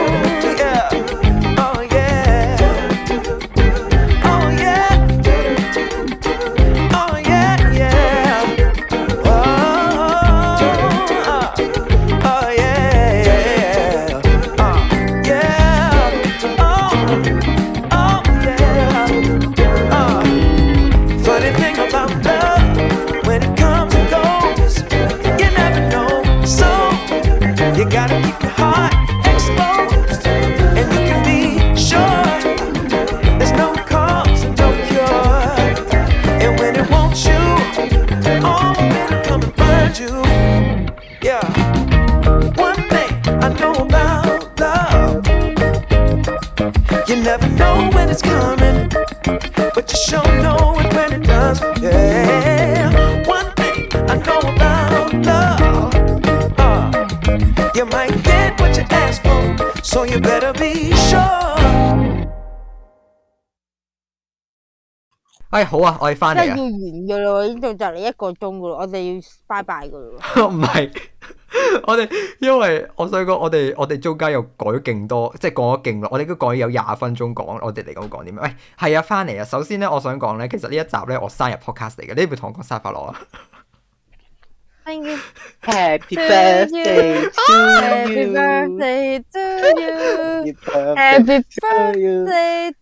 哎、好啊，我哋翻嚟啊！真要完噶啦，呢度就嚟一個鐘噶啦，我哋要拜拜噶啦。唔係 不是， 我哋因為我想講，我哋我哋租家又改咗勁多，即係講咗勁耐，我哋都改咗有廿分鐘講，我哋嚟講講點。喂、哎，係啊，翻嚟啊！首先咧，我想講咧，其實呢一集咧，我生日 podcast 嚟嘅，呢邊同我講生日快樂啊。 Thank you. Happy birthday to you. Happy birthday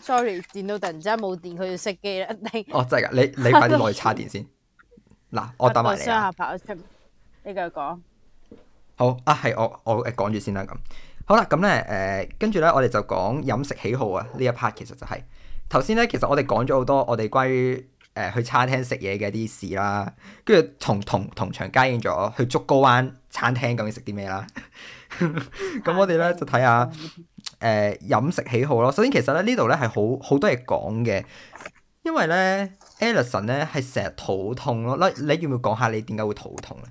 sorry，電到突然之間冇電，佢要熄機啦。哦，真係噶，你你快啲落去叉電先。嗱， 我等埋你 啊。下拍，我出，你繼續講。好啊，係我我誒講住先啦。咁好啦，咁咧誒，跟住咧我哋就講飲食喜好啊。呢一 part 其實就係頭先咧，其實我哋講咗好多我哋關於誒、呃、去餐廳食嘢嘅一啲事啦。跟住同同同場加映咗去竹篙灣餐廳究竟食啲咩啦。咁 我哋咧就睇下。誒，飲食喜好咯。首先，其實咧呢度咧係好好多嘢講嘅，因為咧，Alison 咧係成日肚痛咯。嗱，你要唔要講下你點解會肚痛咧？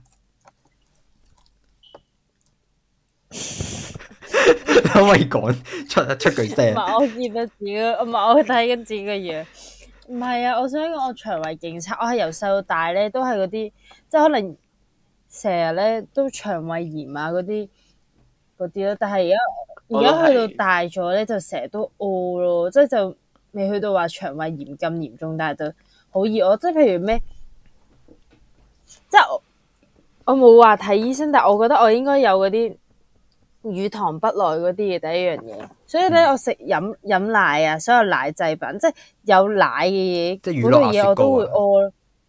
可以講出啊出句聲，唔係我見緊紙，唔係我睇緊自己嘅嘢。唔係啊，我想講我腸胃勁差，我係由細到大咧都係嗰啲，即係可能成日咧都腸胃炎啊嗰啲嗰啲咯。但係而家。而家去到大咗咧，就成日都屙咯，即係就未去到話腸胃炎咁嚴重，但係就好熱。我即係譬如咩，即係我我冇話睇醫生，但係我覺得我應該有嗰啲乳糖不耐嗰啲嘢，第一樣嘢。所以咧，我食飲飲奶啊，所有奶製品，即係有奶嘅嘢嗰類嘢，我都會屙咯。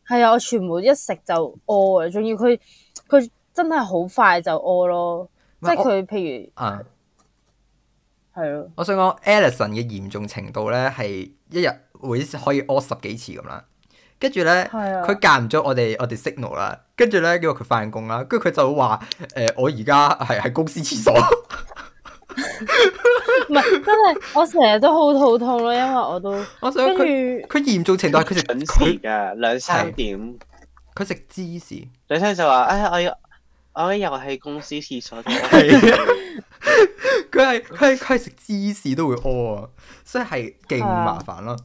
係啊、嗯，嗯、我全部一食就屙啊！仲要佢佢真係好快就屙咯，麼即係佢譬如、嗯係咯，我想講 Alison 嘅嚴重程度咧，係一日會可以屙十幾次咁啦。跟是的 住咧，佢間唔中我哋、呃、我哋 signal 啦，跟住咧叫佢翻工啦，跟住佢就話誒我而家係喺公司廁所，唔 係真係我成日都好肚痛咯，因為我都跟住佢嚴重程度，佢食屎嘅，兩三點佢食芝士，兩三就話哎呀。我要……」我又係公司廁所，佢係佢係佢係食芝士都會屙啊！所以係勁麻煩咯、啊，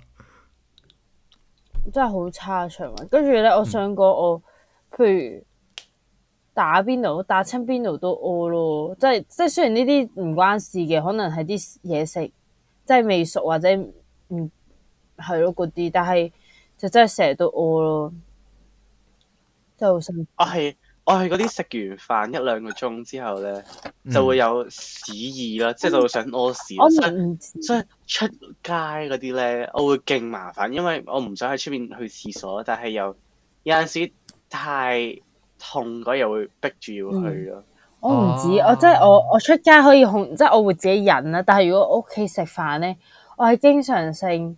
真係好差腸啊，跟住咧，我想過我，譬如打邊爐打親邊爐都屙咯，即係即係雖然呢啲唔關事嘅，可能係啲嘢食即係未熟或者唔係咯嗰啲，但係就真係成日都屙咯，真係好辛苦。啊係。我係嗰啲食完飯一兩個鐘之後咧，嗯、就會有屎意啦，即係就會、是、想屙屎。我唔即係出街嗰啲咧，我會勁麻煩，因為我唔想喺出面去廁所，但係又有陣時太痛嗰又會逼住要去咯。我唔止，我即係我我，我出街可以控，即、就、係、是、我會自己忍啦。但係如果屋企食飯咧，我係經常性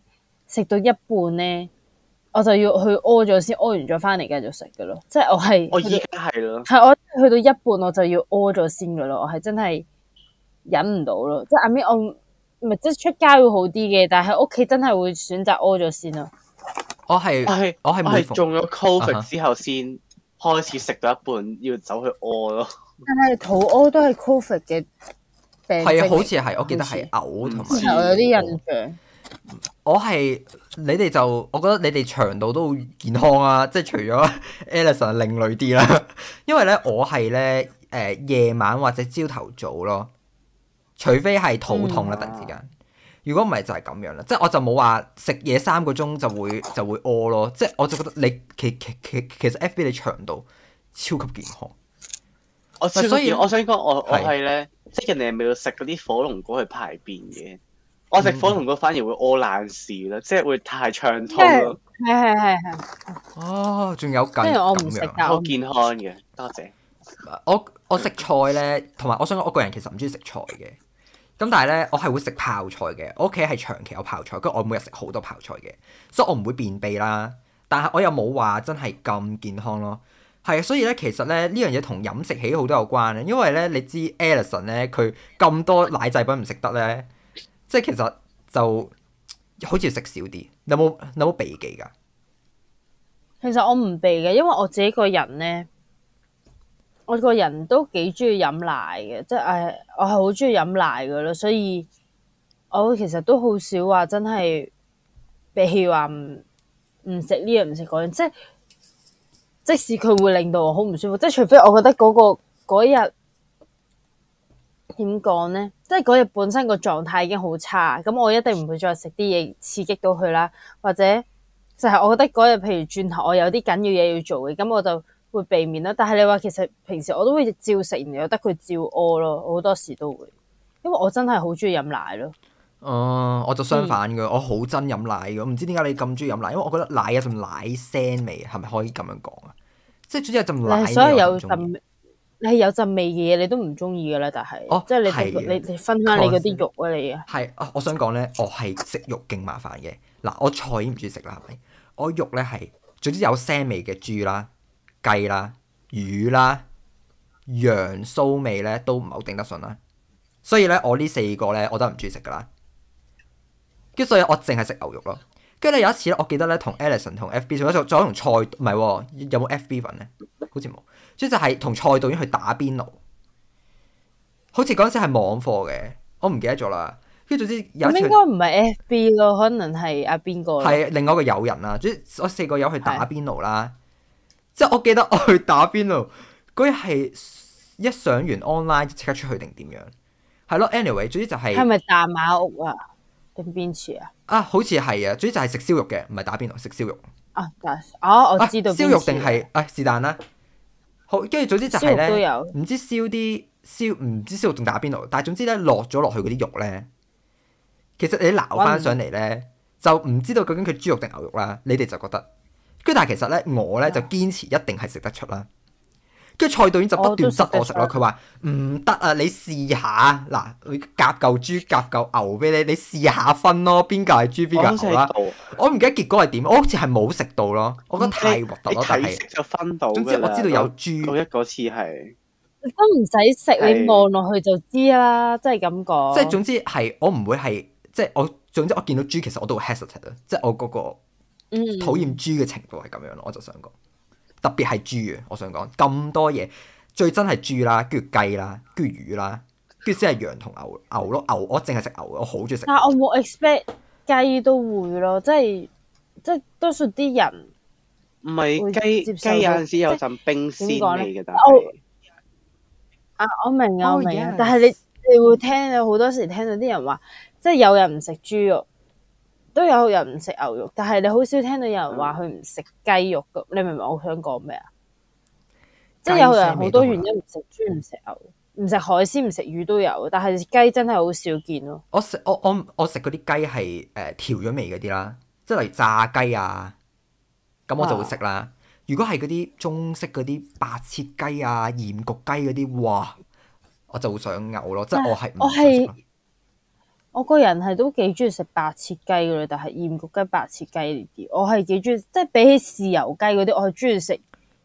食到一半咧。我就要去屙咗先，屙完再翻嚟繼續食嘅咯。即係我係，我而家係咯，係我去到一半我就要屙咗先嘅咯。我係真係忍唔到咯。即係阿 m 我唔咪即係出街會好啲嘅，但係喺屋企真係會選擇屙咗先咯。我係我係我係中咗 Covid 之後先開始食到一半、uh huh。要走去屙咯。 但係肚屙都係 Covid 嘅病，係啊，好似係我記得係嘔同埋我有啲印象。我係你哋就，我覺得你哋腸道都健康啊，即係除咗 Ellison 另類啲啦，因為咧我係咧誒夜晚或者朝頭早咯，除非係肚痛啦、啊、突然之間，如果唔係就係咁樣啦，即係我就冇話食嘢三個鐘就會就會屙咯，即係我就覺得你其其其其實 FB 你腸道超級健康，但所以，所以我想講我我係咧，即係人哋係咪要食嗰啲火龍果去排便嘅？ 我食火龍果反而會屙爛事咯，即係會太暢通咯。係係係係。 哦，仲有筋咁樣，好健康嘅，多 謝。我我食菜咧，同埋我想講，我個人其實唔中意食菜嘅。咁但係咧，我係會食泡菜嘅。我屋企係長期有泡菜，跟住我每日食好多泡菜嘅，所以我唔會便秘啦。但係我又冇話真係咁健康咯。係啊，所以咧，其實咧，呢樣嘢同飲食喜好都有關嘅，因為咧你知 Ellison 咧，佢咁多奶製品唔食得咧。即係其實就好似食少啲，有冇有冇避忌噶？其實我唔避嘅，因為我自己個人呢，我個人都幾中意飲奶嘅，即係我係好中意飲奶噶咯，所以我其實都好少話真係，避忌話唔食呢樣唔食嗰樣，即係即使佢會令到我好唔舒服，即係除非我覺得嗰個嗰一日。點講呢？即係嗰日本身個狀態已經好差，咁我一定唔會再食啲嘢，刺激到佢啦。或者就係、是、我覺得嗰日，譬如轉頭我有啲緊要嘢要做嘅，咁我就會避免啦。但係你話其實平時我都會照食，然後得佢照屙咯。好多時都會，因為我真係好中意飲奶咯。哦、呃，我就相反嘅，嗯、我好憎飲奶嘅。唔知點解你咁中意飲奶？因為我覺得奶有陣奶腥味，係咪可以咁樣講啊？即係總之有陣奶味。你有陣味嘅嘢，你都唔中意噶啦，但係，哦、即係你你的你分返你嗰啲肉啊，實你啊，係啊，我想講咧，我係食肉勁麻煩嘅嗱，我菜已經唔中意食啦，係咪？我肉咧係總之有腥味嘅豬啦、雞啦、魚啦、羊臊味咧都唔係好頂得順啦，所以咧我呢四個咧我都係唔中意食噶啦，跟住所以我淨係食牛肉咯。跟住咧有一次咧，我記得咧同 Ellison 同 FB，仲有同菜唔係有冇 FB 粉咧？好似冇。即係就係同蔡導演去打邊爐，好似嗰陣時係網課嘅，我唔記得咗啦。跟住總之有，我應該唔係 F B 咯，可能係阿邊個係另外一個友人啦。總之我四個友去打邊爐啦，是的 即係我記得我去打邊爐，佢係一上完 online 即刻出去定點樣？係咯，anyway，總之就係係咪大馬屋啊？定邊次啊，啊，啊？啊，好似係啊，總之就係食燒肉嘅，唔係打邊爐，食燒肉啊。哦，我知道燒肉定係啊，是但啦。啊好，跟住總之就係咧，唔知燒啲燒，唔知燒肉定打邊爐，但係總之咧落咗落去嗰啲肉咧，其實你撈翻上嚟咧，嗯、就唔知道究竟佢豬肉定牛肉啦。你哋就覺得，跟但係其實咧，我咧就堅持一定係食得出啦。跟住蔡導演就不斷塞我食咯，佢話唔得啊，你試下嗱，夾嚿豬夾嚿牛俾你，你試下分咯，邊個係豬邊個牛啦？我唔記得結果係點，我好似係冇食到咯，我覺得太核突咯係。你睇就分到，總之我知道有豬。嗰一嗰次係都唔使食，你望落去就知啦，嗯，即係咁講。即係總之係，我唔會係，即係我總之我見到豬，其實我都會 hesitate 咯，那個，即係我嗰個討厭豬嘅程度係咁樣咯，我就想講。特別係豬啊，我想講咁多嘢，最真係豬啦，跟住雞啦，跟住魚啦，跟住先係羊同牛牛咯，牛我淨係食牛，我好中意食。我但我冇 expect 雞都會咯，即係即係多數啲人唔係雞雞有陣時有陣冰鮮味嘅，呢但係是啊我明啊我明，oh, yes. 但係你你會聽到好多時聽到啲人話，即係有人唔食豬。都有人唔食牛肉，但係你好少聽到有人話佢唔食雞肉噶。你明唔明我想講咩啊？即係有人好多原因唔食豬，唔食牛肉，唔食海鮮，唔食魚都有，但係雞真係好少見咯。我食我我我食嗰啲雞係誒、呃、調咗味嗰啲啦，即係例如炸雞啊，咁我就會食啦。啊、如果係嗰啲中式嗰啲白切雞啊、鹽焗雞嗰啲，哇，我就會想嘔咯，啊、即係我係我係。我個人係都幾中意食白切雞嘅，但係鹽焗雞、白切雞呢啲，我係幾中意，即係比起豉油雞嗰啲，我係中意食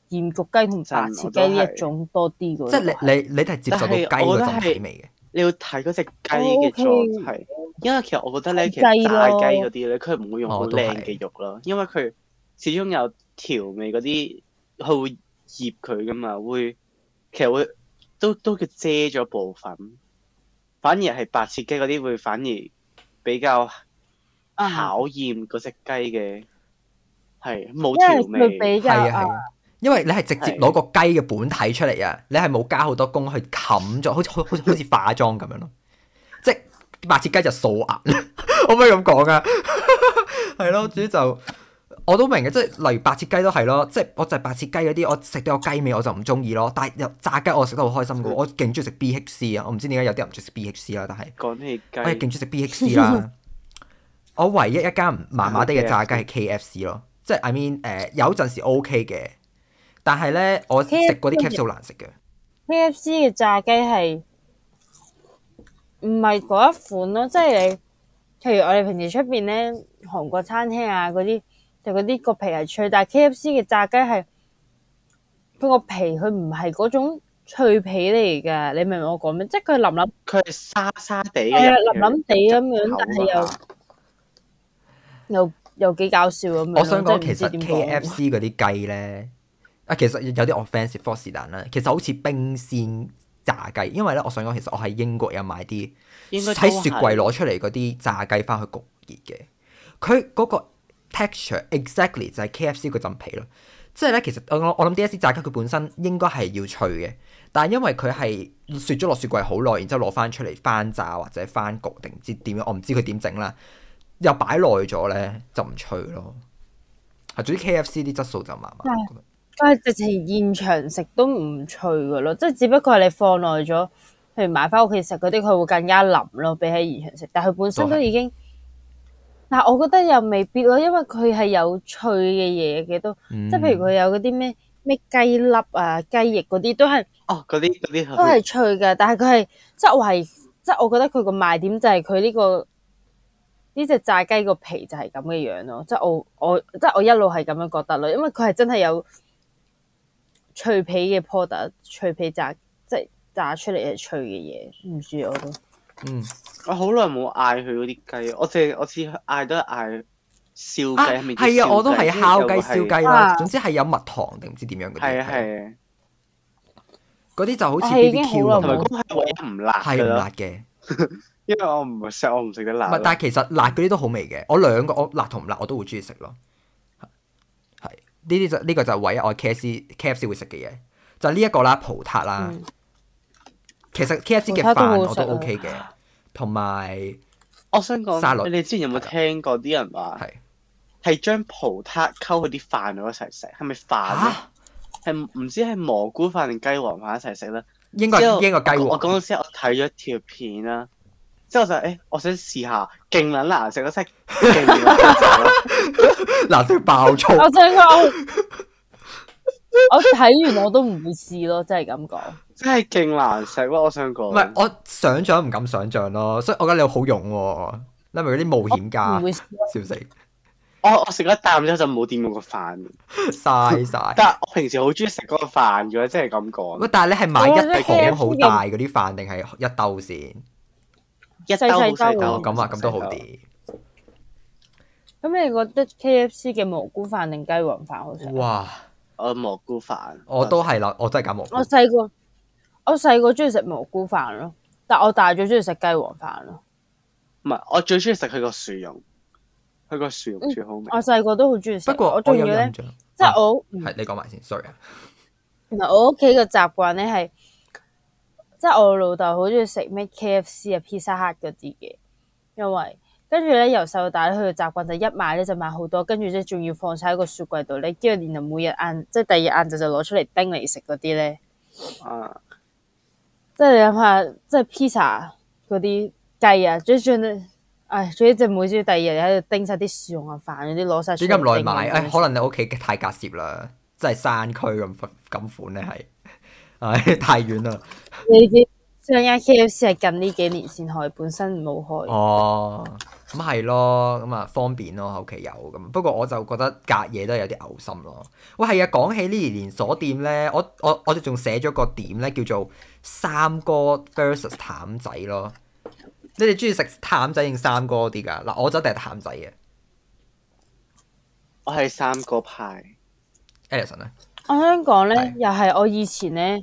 鹽焗雞同白切雞呢一種多啲。即係你你你都係接受到雞味嘅。你要睇嗰隻雞嘅狀態，okay, 是因為其實我覺得咧，雞其實炸雞嗰啲咧，佢唔會用好靚嘅肉咯，因為佢始終有調味嗰啲，佢會醃佢噶嘛，會其實會都都，都叫遮咗部分。反而係白切雞嗰啲會反而比較考驗嗰隻雞嘅，係冇、啊、調味，係啊，啊！因為你係直接攞個雞嘅本體出嚟啊，你係冇加好多工去冚咗，好似好好好似化妝咁樣咯，即係白切雞就素顏，可 唔可以咁講㗎？係 咯，主要就。我都明嘅，即係例如白切雞都係咯，即係我就係白切雞嗰啲，我食到個雞味我就唔中意咯。但係炸雞我食得好開心嘅，的我勁中意食 BHC 啊！我唔知點解有啲人唔中意食 BHC 啦，但係講起雞，我勁中意食 BHC 啦。我唯一一間麻麻地嘅炸雞係 KFC 咯，即係 I mean 誒、uh, 有陣時 OK 嘅，但係咧我食過啲 capsule 難食嘅 KFC 嘅炸雞係唔係嗰一款咯？即係你譬如我哋平時出邊咧韓國餐廳啊嗰啲。就嗰啲個皮係脆，但係 K F C 嘅炸雞係佢個皮，佢唔係嗰種脆皮嚟嘅。你明唔明我講咩？即係佢腍腍，佢係沙沙地，誒、嗯，腍腍地咁樣，但係又腍腍又又幾搞笑咁樣。我想講 其實 K F C 嗰啲雞咧，啊，其實有啲 offensive for 是但啦。其實好似冰鮮炸雞，因為咧，我想講其實我喺英國有買啲應該喺雪櫃攞出嚟嗰啲炸雞翻去焗熱嘅，佢嗰、嗰個。Texture exactly 就係 KFC 個浸皮咯，即係咧，其實我我諗 DSC 炸雞佢本身應該係要脆嘅，但係因為佢係雪咗落雪櫃好耐，然之後攞翻出嚟翻炸或者翻焗定唔知點樣，我唔知佢點整啦，又擺耐咗咧就唔脆咯。係，總之 KFC 啲質素就麻麻。但係直情現場食都唔脆噶咯，即係只不過係你放耐咗，譬如買翻屋企食嗰啲，佢會更加腍咯，比起現場食，但係佢本身都已經。但我覺得又未必咯，因為佢係有脆嘅嘢嘅都，即係、嗯、譬如佢有嗰啲咩咩雞粒啊、雞翼嗰啲都係哦，嗰啲啲都係脆嘅，但係佢係即係我係即係我覺得佢個賣點就係佢呢個呢隻、這個、炸雞個皮就係咁嘅樣咯，即係我我即係我一路係咁樣覺得咯，因為佢係真係有脆皮嘅 product，脆皮炸即係炸出嚟係脆嘅嘢，唔知我都。嗯，我好耐冇嗌佢嗰啲雞，我淨係我只嗌都嗌燒雞，係咪？係啊，是是我都係烤雞、燒雞啦。啊、總之係有蜜糖定唔知點樣嗰啲。係啊係。嗰啲就好似 B B Q 咁咯。都係唔辣嘅。係唔辣嘅，因為我唔係食，我唔食得辣， 得辣。唔係，但係其實辣嗰啲都好味嘅。我兩個，我辣同唔辣，我都會中意食咯。係呢啲就呢、是這個就係唯一我 K F C K F C 會食嘅嘢，就呢、是、一個啦，葡撻啦。嗯其實茄汁嘅飯我都 OK 嘅，同埋我想講，你哋之前有冇聽過啲人話係係將葡撻溝佢啲飯喺一齊食，係咪飯？係唔、啊、知係蘑菇飯定雞黃飯一齊食咧？應該應該雞黃。我講咗先，我睇咗條片啦，之後就誒，我想試下勁撚難食嗰餐，難食爆粗。我想係～ 我睇完我都唔會試咯，真係咁講，真係勁難食咯。我想講，唔係我想象唔敢想象咯，所以我覺得你好勇，你咪嗰啲冒險家，我會笑死！我我食一啖之後就冇掂過個飯，嘥晒。但係我平時好中意食嗰個飯嘅，真係咁講。喂， 但係你係買一桶好大嗰啲飯，定係一兜先？一兜一兜，咁啊，咁都好啲。咁你覺得 KFC 嘅蘑菇飯定雞皇飯好食？哇！我蘑菇飯，我都係啦，我都係揀蘑菇。我細個，我細個中意食蘑菇飯咯，但係我大最中意食雞皇飯咯。唔係，我最中意食佢個薯蓉，佢個薯蓉最好味、嗯。我細個都好中意食，不過我仲有咧，即係我係你講埋先，sorry。原來我屋企個習慣咧，係即係我老豆好中意食咩 KFC 啊、Pizza Hut 嗰啲嘅，因為。跟住咧，由細到大咧，佢嘅習慣就一買咧就買好多，跟住即係仲要放晒喺個雪櫃度咧，之後然後每日晏即係第二晏晝就攞出嚟叮嚟食嗰啲咧。啊！即係你諗下，即係披薩嗰啲雞啊，最最你，唉、哎，最最最唔好，第二日喺度叮晒啲餸啊飯嗰啲，攞晒。點咁耐買？可能你屋企太隔涉啦，即係山區咁款咁款咧係，唉、哎，太遠啦。你知，上家 K F C 係近呢幾年先開，本身冇開。哦。咁係咯，咁啊、嗯、方便咯，後期有咁。不過我就覺得隔嘢都有啲嘔心咯。喂，係啊，講起呢啲連鎖店咧，我我我哋仲寫咗個點咧，叫做三哥 versus 譚仔咯。你哋中意食譚仔定三哥啲㗎？嗱，我就一定係譚仔嘅。我係三哥派。Alison 咧，我香港咧又係我以前咧，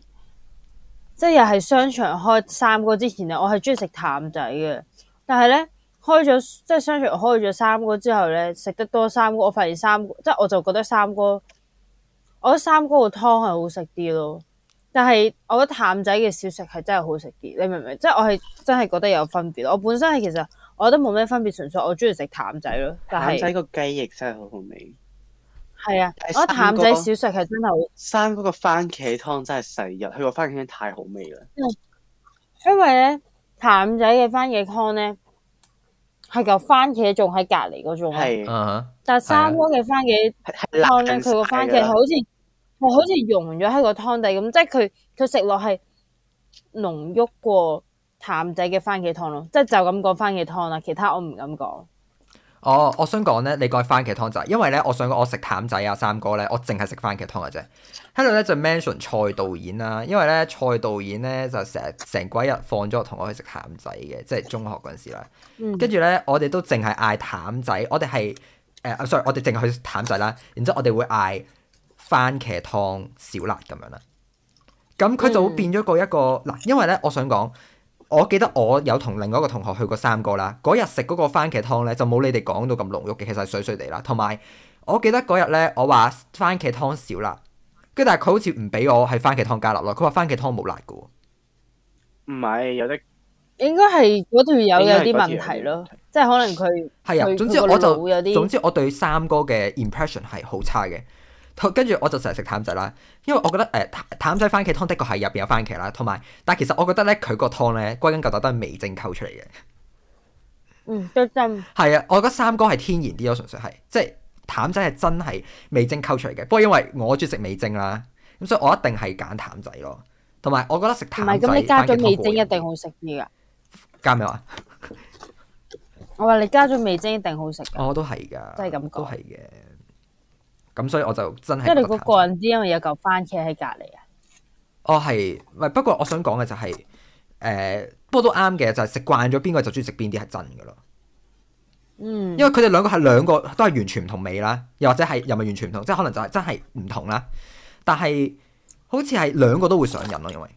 即係又係商場開三哥之前啊，我係中意食譚仔嘅，但係咧。開咗即係相處開咗三哥之後咧，食得多三哥，我發現三哥即係我就覺得三哥，我覺得三哥嘅湯係好食啲咯。但係我覺得淡仔嘅小食係真係好食啲，你明唔明？即係我係真係覺得有分別。我本身係其實我覺得冇咩分別，純粹我中意食淡仔咯。淡仔個雞翼真係好好味。係啊，我覺得淡仔小食係真係好。三哥個番茄湯真係世日，佢個番茄太好味啦。因為咧，淡仔嘅番茄湯咧，係嚿番茄仲喺隔籬嗰種，但係砂鍋嘅番茄湯咧，佢個番茄好似係好似溶咗喺個湯底咁，即係佢佢食落係濃郁過淡仔嘅番茄湯咯，即係就咁講番茄湯啦，其他我唔敢講。我、oh, 我想講咧，你改番茄湯仔，就是，因為咧，我想講我食譚仔啊，三哥咧，我淨係食番茄湯嘅啫。喺度咧就 mention 蔡導演啦，啊，因為咧蔡導演咧就成成鬼日放咗我同我去食譚仔嘅，即係中學嗰陣時啦。跟住咧我哋都淨係嗌譚仔，我哋係誒，sorry，我哋淨係去譚仔啦。然之後我哋會嗌番茄湯小辣咁樣啦。咁佢就會變咗個一個，嗱、嗯，因為咧，我想講。我記得我有同另外一個同學去過三哥啦，嗰日食嗰個番茄湯咧就冇你哋講到咁濃郁嘅，其實係水水地啦。同埋我記得嗰日咧，我話番茄湯少辣，跟住但係佢好似唔俾我喺番茄湯加辣咯。佢話番茄湯冇辣嘅喎。唔係，有啲應該係嗰條友有啲問題咯，即係可能佢係啊。總之我就，我就總之我對三哥嘅 impression 係好差嘅。跟住我就成日食譚仔啦，因為我覺得誒、呃，譚仔番茄湯的確係入邊有番茄啦，同埋，但其實我覺得咧，佢個湯咧歸根究底都係味精溝出嚟嘅。嗯，都真係啊！我覺得三哥係天然啲咯，純粹係即係譚仔係真係味精溝出嚟嘅。不過因為我中意食味精啦，咁所以我一定係揀譚仔咯。同埋，我覺得食譚仔咁、嗯、你加咗味精一定好食啲啊？加咩話？我話你加咗味精一定好食。我都係噶，即係咁都係嘅。咁所以我就真係即係你個個人知，因為有嚿番茄喺隔籬啊。哦，係喂，不過我想講嘅就係、是、誒、呃，不過都啱嘅，就係食慣咗邊個就中意食邊啲係真噶咯。嗯，因為佢哋兩個係兩個都係完全唔同味啦，又或者係又咪完全唔同，即係可能就係真係唔同啦。但係好似係兩個都會上癮咯，因為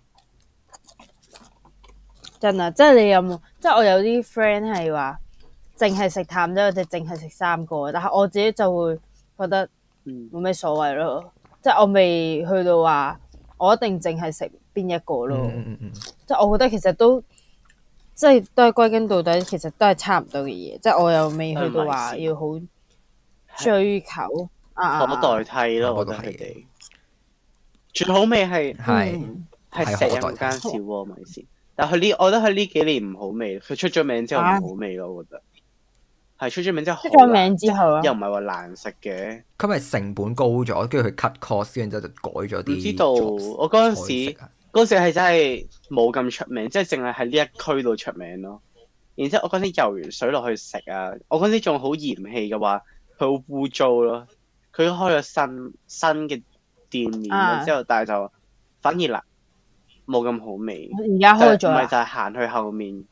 真啊，即係你有冇？即係我有啲 friend 係話淨係食淡咗，佢哋淨係食三個，但係我自己就會覺得。冇咩所謂咯，即係我未去到話，我一定淨係食邊一個咯。Mm hmm. 即係我覺得其實都，即係都歸根到底，其實都係差唔多嘅嘢。即係我又未去到話要好追求啊啊，代替咯？我覺得佢哋最好味係係係石人街小窩米線，但係呢，我覺得佢呢幾年唔好味，佢出咗名之後唔好味咯，我覺得。係出咗名之後，出咗名之後，啊、又唔係話難食嘅。佢咪成本高咗，跟住佢 cut cost，然之後就改咗啲。唔知道，我嗰陣時嗰時係真係冇咁出名，即係淨係喺呢一區度出名咯。然之後我嗰陣時游完水落去食啊，我嗰陣時仲好嫌棄嘅話，佢好污糟咯。佢開咗新新嘅店面之後，但係就反而嗱冇咁好味。而家開咗唔係，就係行去後面。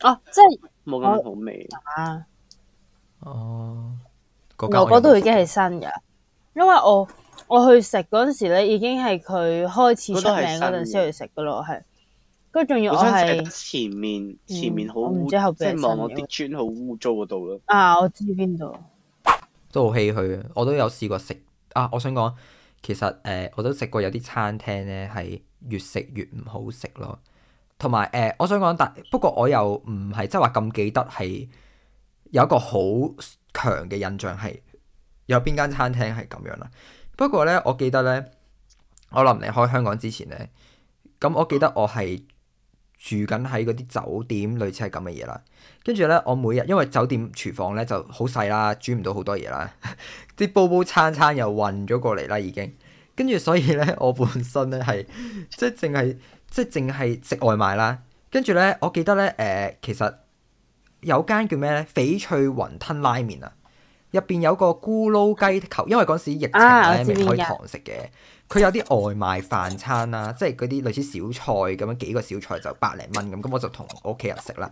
哦、啊，即係。冇咁好味啊！哦，牛角都已經係新嘅，因為我我去食嗰陣時咧，已經係佢開始出名嗰陣先去食嘅咯，係。跟住仲要我係前面，前面好污，嗯、唔知後面即係望我啲磚好污糟嗰度咯。啊，我知邊度？都好唏噓嘅，我都有試過食啊！我想講，其實誒、呃，我都食過有啲餐廳咧，係越食越唔好食咯。同埋誒，我想講，但不過我又唔係即係話咁記得係有一個好強嘅印象係有邊間餐廳係咁樣啦。不過咧，我記得咧，我臨離開香港之前咧，咁我記得我係住緊喺嗰啲酒店，類似係咁嘅嘢啦。跟住咧，我每日因為酒店廚房咧就好細啦，煮唔到好多嘢啦，啲 煲煲餐餐又運咗過嚟啦，已經。跟住所以咧，我本身咧係即係淨係。即係淨係食外賣啦，跟住呢，我記得呢，誒、呃，其實有間叫咩咧？翡翠雲吞拉麵啊，入邊有個咕嚕雞球，因為嗰時疫情咧未開堂食嘅，佢有啲外賣飯餐啦，啊，即係嗰啲類似小菜咁樣，幾個小菜就百零蚊咁，咁我就同屋企人食啦。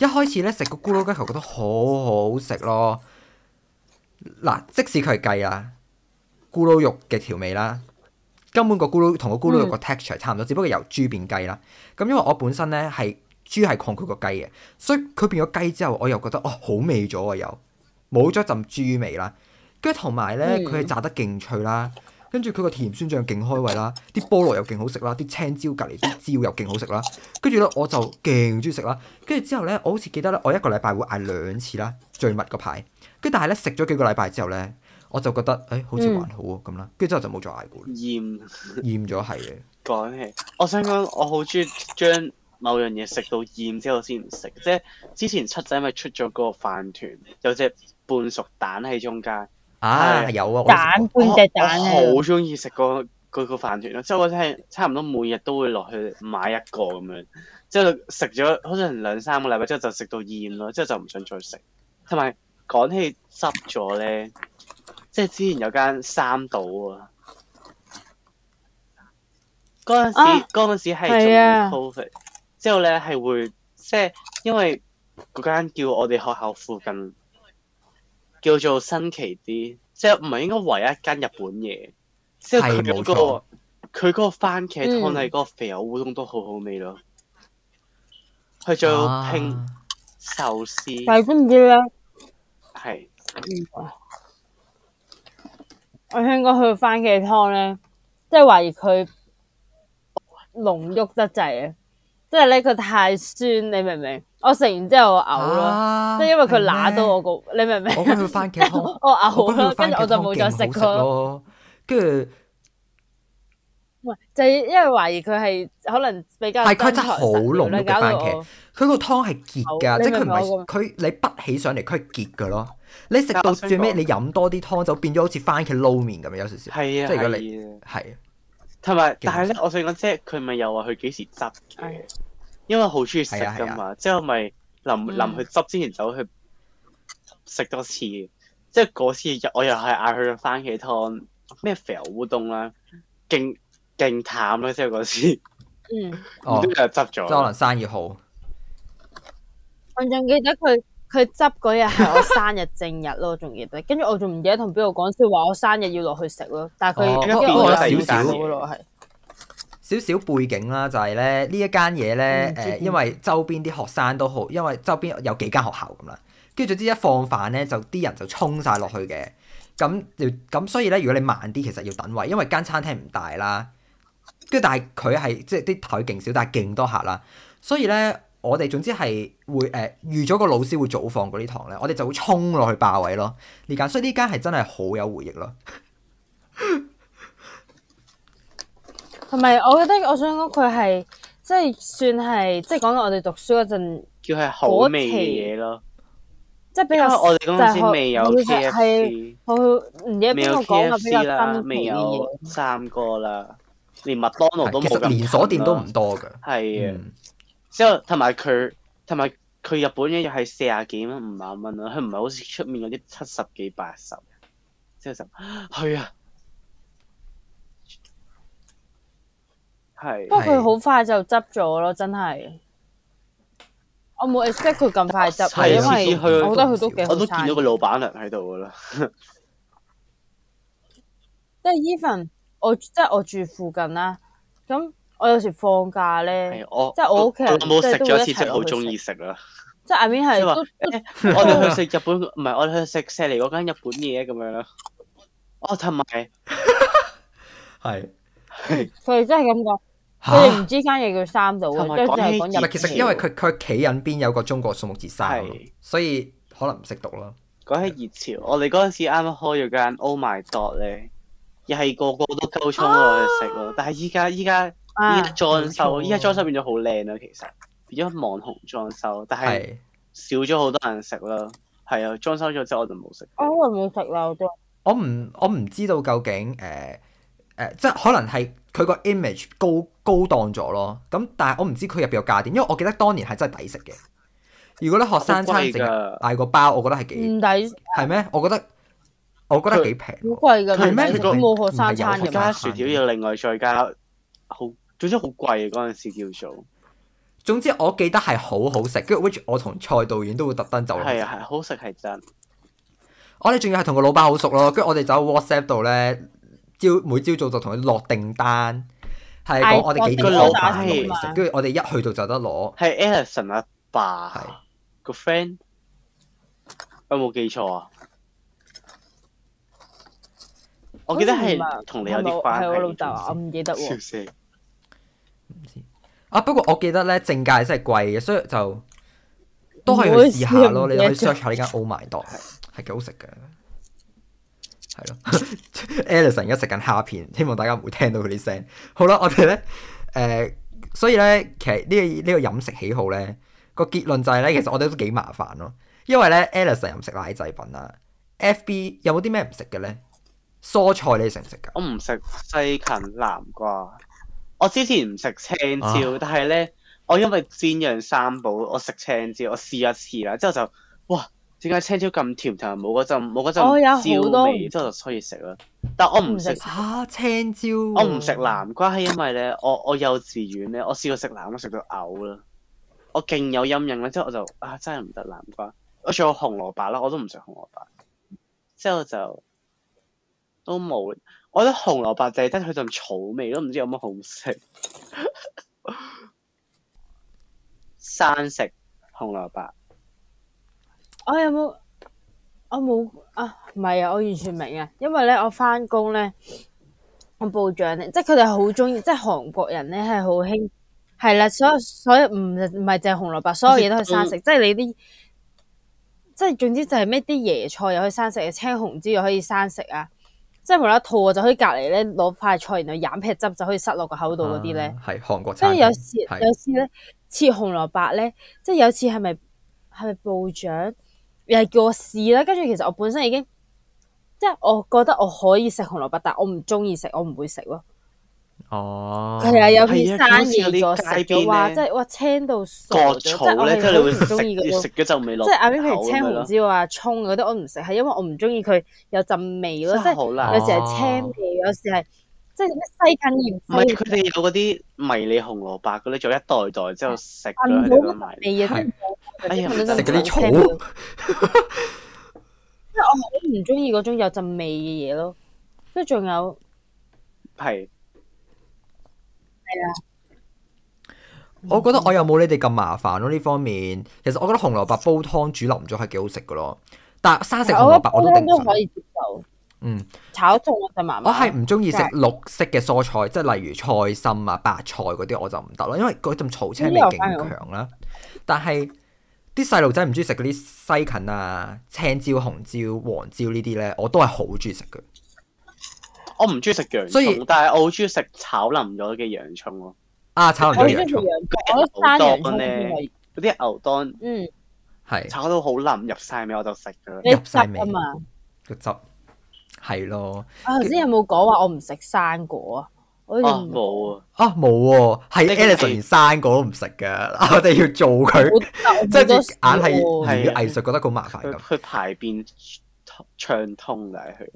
一開始呢，食個咕嚕雞球，覺得好好食咯。嗱，即使佢係雞啊，咕嚕肉嘅調味啦。根本個咕嚕同個咕嚕個 texture 差唔多，只不過由豬變雞啦。咁因為我本身咧係豬係抗拒個雞嘅，所以佢變咗雞之後，我又覺得哦，好味咗啊！又冇咗陣豬味啦，跟住同埋咧佢係炸得勁脆啦，跟住佢個甜酸醬勁開胃啦，啲菠蘿又勁好食啦，啲青椒隔離啲椒又勁好食啦，跟住咧我就勁中意食啦。跟住之後咧，我好似記得咧，我一個禮拜會嗌兩次啦，最密嗰排。跟住但係咧食咗幾個禮拜之後咧。我就覺得誒、欸，好似還好啊，咁啦，跟住之後就冇再捱過。厭厭咗係嘅。講起，我想講，我好中意將某樣嘢食到厭之後先唔食。即係之前七仔咪出咗個飯團，有隻半熟蛋喺中間啊，有啊，是蛋半隻蛋啊。好中意食個佢、那個飯團咯，即係我真係差唔多每日都會落去買一個咁樣。即係食咗可能兩三個禮拜之後就食到厭咯，之後就唔想再食。同埋講起濕咗咧。即係之前有間三島啊，嗰陣時嗰陣、啊、時係做 p 之後咧係會即係因為嗰間叫我哋學校附近叫做新奇啲，即係唔係應該唯一間日本嘢。之後佢嗰個佢嗰個番茄湯底嗰個肥牛烏冬都好好味咯，佢做、嗯、拼壽司。但係唔知咧？係。是嗯我聽過佢個番茄湯咧，即係懷疑佢濃郁得滯啊！即係呢個太酸，你明唔明？我食完之後我嘔咯，即係因為佢乸到我個，你明唔明？我食佢番茄湯，我嘔咯，跟住我就冇再食佢咯。跟住，唔就係因為懷疑佢係可能比較係佢真係好濃郁嘅番茄，佢個湯係結噶，即係佢唔係佢你滗起上嚟佢係結噶咯。你食到最尾，你飲多啲湯就變咗好似番茄撈麵咁樣有少少，即係如果你係，同埋但係咧，我想講即係佢咪又話佢幾時執嘅，因為好中意食噶嘛，即我咪臨臨去執之前走去食多次，即係嗰次我又係嗌佢番茄湯，咩肥牛烏冬啦，勁勁淡啦，即係嗰次，嗯，都係執咗，即係可能生意好。我仲記得佢。佢執嗰日係我生日正日咯，仲要，跟住我仲唔記得同邊個講笑話，我生日要落去食咯。但係佢變咗少少咯，係少少背景啦、就係，就係咧呢一間嘢咧，嗯、因為周邊啲學生都好，因為周邊有幾間學校咁啦。跟住總之一放飯咧，就啲人就衝晒落去嘅。咁要咁，所以咧，如果你慢啲，其實要等位，因為間餐廳唔大啦。跟住但係佢係即係啲台勁少，但係勁多客啦，所以咧。我哋總之係會誒、呃、預咗個老師會早放嗰啲堂咧，我哋就會衝落去霸位咯。呢間，所以呢間係真係好有回憶咯。同 埋我覺得我想講佢係即係算係即係講到我哋讀書嗰陣，叫係好味嘢咯，期即係比較我哋公司未有 KFC，我唔記得邊度講過比較新奇三個啦，連麥當勞都其實連鎖店都唔多嘅，係啊的。嗯。之後同埋佢，同埋佢日本一樣係四十幾蚊、五十蚊咯，佢唔係好似出面嗰啲七十幾、八十。之後就，係啊，係。不過佢好快就執咗咯，真 Yeah .係。我 冇 Yeah. expect 佢咁快執， like, yeah. 因為我覺得佢都幾好。我都見到個老闆娘喺度噶啦。即 係 even 我即係我住附近啦，咁。我有時放假咧，即係我屋企人冇食咗一次，即係好鍾意食咯。即係 Ivan 係，我哋去食日本唔係，我哋去食食嚟嗰間日本嘢咁樣咯。哦，同埋係，佢哋真係咁講，佢哋唔知間嘢叫三島。日本講起熱，其實因為佢佢企緊邊有個中國數目字三，所以可能唔識讀咯。講起熱潮，我哋嗰陣時啱啱開咗間 Oh My God 咧，又係個個都鳩湧去食咯。但係依家依家。依家裝修，依家、啊、裝修變咗好靚啦，其實而家網紅裝修，但係少咗好多人食咯。係啊，裝修咗之後我就冇食。我好耐冇食啦，我都。我唔我唔知道究竟誒誒、呃呃，即係可能係佢個 image 高高檔咗咯。咁但係我唔知佢入邊有價點，因為我記得當年係真係抵食嘅。如果咧學生餐食，日嗌個包，我覺得係幾抵。係咩？我覺得我覺得幾平。好貴㗎！係咩？佢冇學生餐㗎嘛？薯條要另外再加好。總之好貴嘅嗰陣時叫做，總之我記得係好好食，跟住 which 我同蔡導演都會特登走。係係好食係真，我哋仲要係同個老闆好熟咯，跟住我哋走 WhatsApp 度咧，朝每朝早就同佢落訂單，係講、哎、呀我哋幾點攞飯，跟住我哋的一去到就得攞。係 Elson 阿爸個 friend，有冇記錯啊？我記得係同你有啲關係。係我老豆啊，唔記得啊！不過我記得咧，正價真係貴嘅，所以就都係去試下咯。你都可以 search 下呢間 Omydo，係係幾好食嘅，係咯。Alison 而家食緊蝦片，希望大家唔會聽到佢啲聲。好啦，我哋咧誒，所以咧其實呢個呢個飲食喜好咧個結論就係咧，其實我哋都幾麻煩咯，因為咧 Alison 唔食奶製品啦，FB 有冇啲咩唔食嘅咧？蔬菜你食唔食噶？我唔食西芹、南瓜。我之前唔食青椒，但係咧，啊、我因為煎釀三寶，我食青椒，我試一次啦，之後就哇，點解青椒咁甜同冇嗰陣冇嗰陣椒味，哦、之後就可以食啦。但我唔食哈青椒、啊我，我唔食南瓜係因為咧，我我幼稚園咧，我試過食南瓜食到嘔啦，我勁有陰影啦，之後我就啊真係唔得南瓜。我仲有紅蘿蔔啦，我都唔食紅蘿蔔，之後就都冇。我覺得紅蘿蔔淨係得佢就草味，都唔知有乜好食。 生食紅蘿蔔，我有冇？我冇啊！唔係啊！我完全明啊！因為咧，我翻工咧，我部長咧，即係佢哋好中意，即係韓國人咧係好興，係啦、啊，所有，所以唔唔係淨係紅蘿蔔，所有嘢都係生食，知即係你啲，即係總之就係咩啲椰菜又可，可以生食啊，青紅椒又可以生食啊。即係無啦套我就可以隔籬咧攞塊菜，然後飲撇汁就可以塞落個口度嗰啲咧。係韓國餐。跟住有時，有時咧切紅蘿蔔咧，即係有次係咪係咪部長又係叫我試咧？跟住其實我本身已經即係我覺得我可以食紅蘿蔔，但係我唔中意食，我唔會食咯。哦，係啊，有啲生意。咗食咗，哇！即係哇青到傻，即係你哋唔中意嗰種。食咗就未落口咯。即係阿炳平青唔知話葱嗰啲，我唔食，係因為我唔中意佢有陣味咯。即係有時係青味，有時係即係咩西芹葉。唔，佢哋有嗰啲迷你紅蘿蔔嗰啲，做一袋袋之後食咗喺度賣。哎呀，食嗰啲葱。即係我唔中意嗰種有陣味嘅嘢咯。即係仲有係。係啊，我覺得我又冇你哋咁麻煩咯，啊。呢方面，其實我覺得紅蘿蔔煲湯煮腍咗係幾好食㗎咯。但生食紅蘿蔔我都都可以接受。嗯，炒菜我就係唔中意食綠色嘅蔬菜，即係的例如菜心啊、白菜嗰啲，我就唔得咯，因為嗰種草青味勁強啦。但係啲細路仔唔中意食嗰啲西芹啊、青椒、紅椒、黃椒呢啲呢，我都係好中意食嘅。我唔中意食洋蔥，但係我好中意食炒腍咗嘅洋蔥咯。啊，炒腍嘅洋蔥。我中意食牛肝呢？啲牛肝，嗯，係炒到好腍，入晒味我就食咗。入晒味啊嘛，個汁係咯。我頭先有冇講話我唔食生果啊？我冇啊。啊，冇喎。係啊，Alice 連生果都唔食噶。我哋要做佢，即係硬係係藝術，覺得好麻煩。去去排便暢通嘅係佢。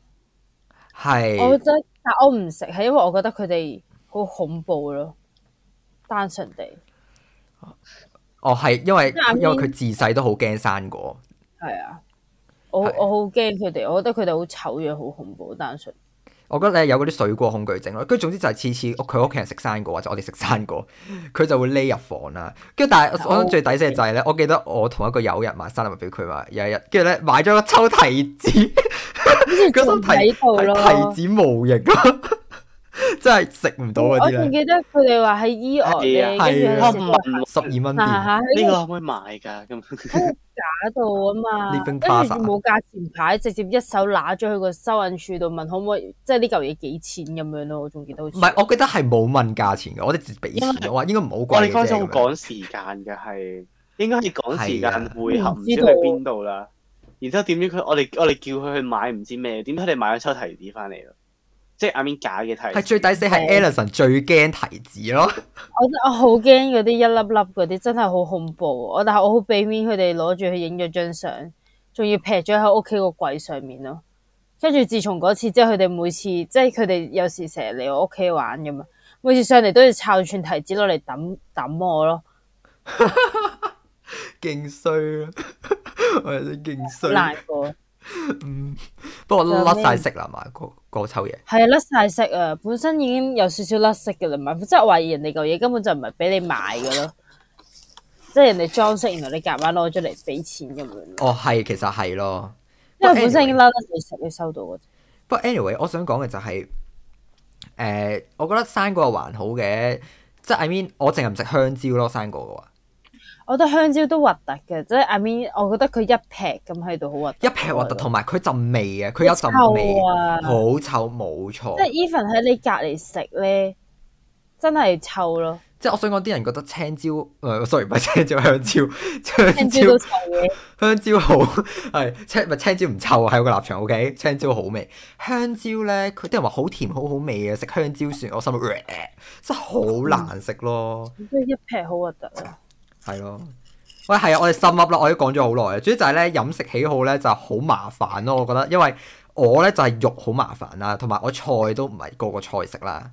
係，是我真，但我唔食，係因為我覺得佢哋好恐怖咯，單純地。哦，係因為因為佢自細都好驚生果。係啊，我我好驚佢哋，我覺得佢哋好醜樣，好恐怖，單純。我覺得咧有嗰啲水果恐懼症咯，跟住總之就係次次屋佢屋企人食生果或者我哋食生果，佢、就係、就會匿入房啦。跟住但係我覺得最抵死就係咧，我記得我同一個友人買生日禮物俾佢買，有一日跟住咧買咗個抽提子，抽 提、提子模型咯， 真係食唔到嗰啲咧。記得佢哋話喺醫外嘅，我十二蚊。呢個可唔可以買㗎？啊 假到啊嘛，跟住冇價錢牌，直接一手拿咗去個收銀處度問可唔可以，即係呢嚿嘢幾錢咁樣咯，我仲記得好似……唔係，我記得係冇問價錢嘅，我哋直接俾錢嘅話應該唔好貴。我哋剛先好趕時間嘅係， 應該要趕時間的會合唔知去邊度啦。啊、然之後點知佢我哋我哋叫佢去買唔知咩，點知你買咗抽提子翻嚟咯。即係阿 m 假嘅提子，係最抵死，係 Ellison 最驚提子咯。我我好驚嗰啲一粒粒嗰啲，真係好恐怖。我但係我好俾面佢哋攞住去影咗張相，仲要劈咗喺屋企個櫃上面咯。跟住自從嗰次之後，佢哋每次即係佢哋有時成日嚟我屋企玩咁樣，每次上嚟都要抄串提子攞嚟抌抌我咯，勁衰啊！我真係勁衰，嗯，難過嗯，不過甩晒色啦，嘛個抽嘢係啊，甩晒色啊，本身已經有少少甩色嘅啦，嘛。即係我懷疑人哋嚿嘢根本就唔係俾你買嘅咯，即係人哋裝飾，然後你夾硬攞出嚟俾錢咁樣。哦，係，其實係咯，因為本身已經甩甩到實，anyway，你收到嘅。不過 anyway，我想講嘅就係、是，誒、呃，我覺得生果還好嘅，即係 I mean，我淨係唔食香蕉咯，生果嘅話。我覺得香蕉都核突嘅，即係 I mean，我覺得佢一劈咁喺度好核突，一劈核突，同埋佢陣味啊，佢有陣味，味臭啊，好臭，冇錯。即係 even 喺你隔離食咧，真係臭咯。即係我想講啲人覺得青椒，誒、呃、，sorry，唔係青椒，香蕉，香蕉都臭，香蕉臭，okay? 好。香蕉好係青，青椒唔臭，係我個立場。O K，青椒好味，香蕉咧，佢啲人話好甜，好好味啊。食香蕉算我心，真係好難食咯、嗯。即係、嗯、一劈好核突啊！嗯。係咯，喂，係啊，我哋深入啦，我都講咗好耐啊。主要就係咧飲食喜好咧就好麻煩咯，我覺得，因為我咧就係肉好麻煩啦，同埋我菜都唔係個個菜食啦。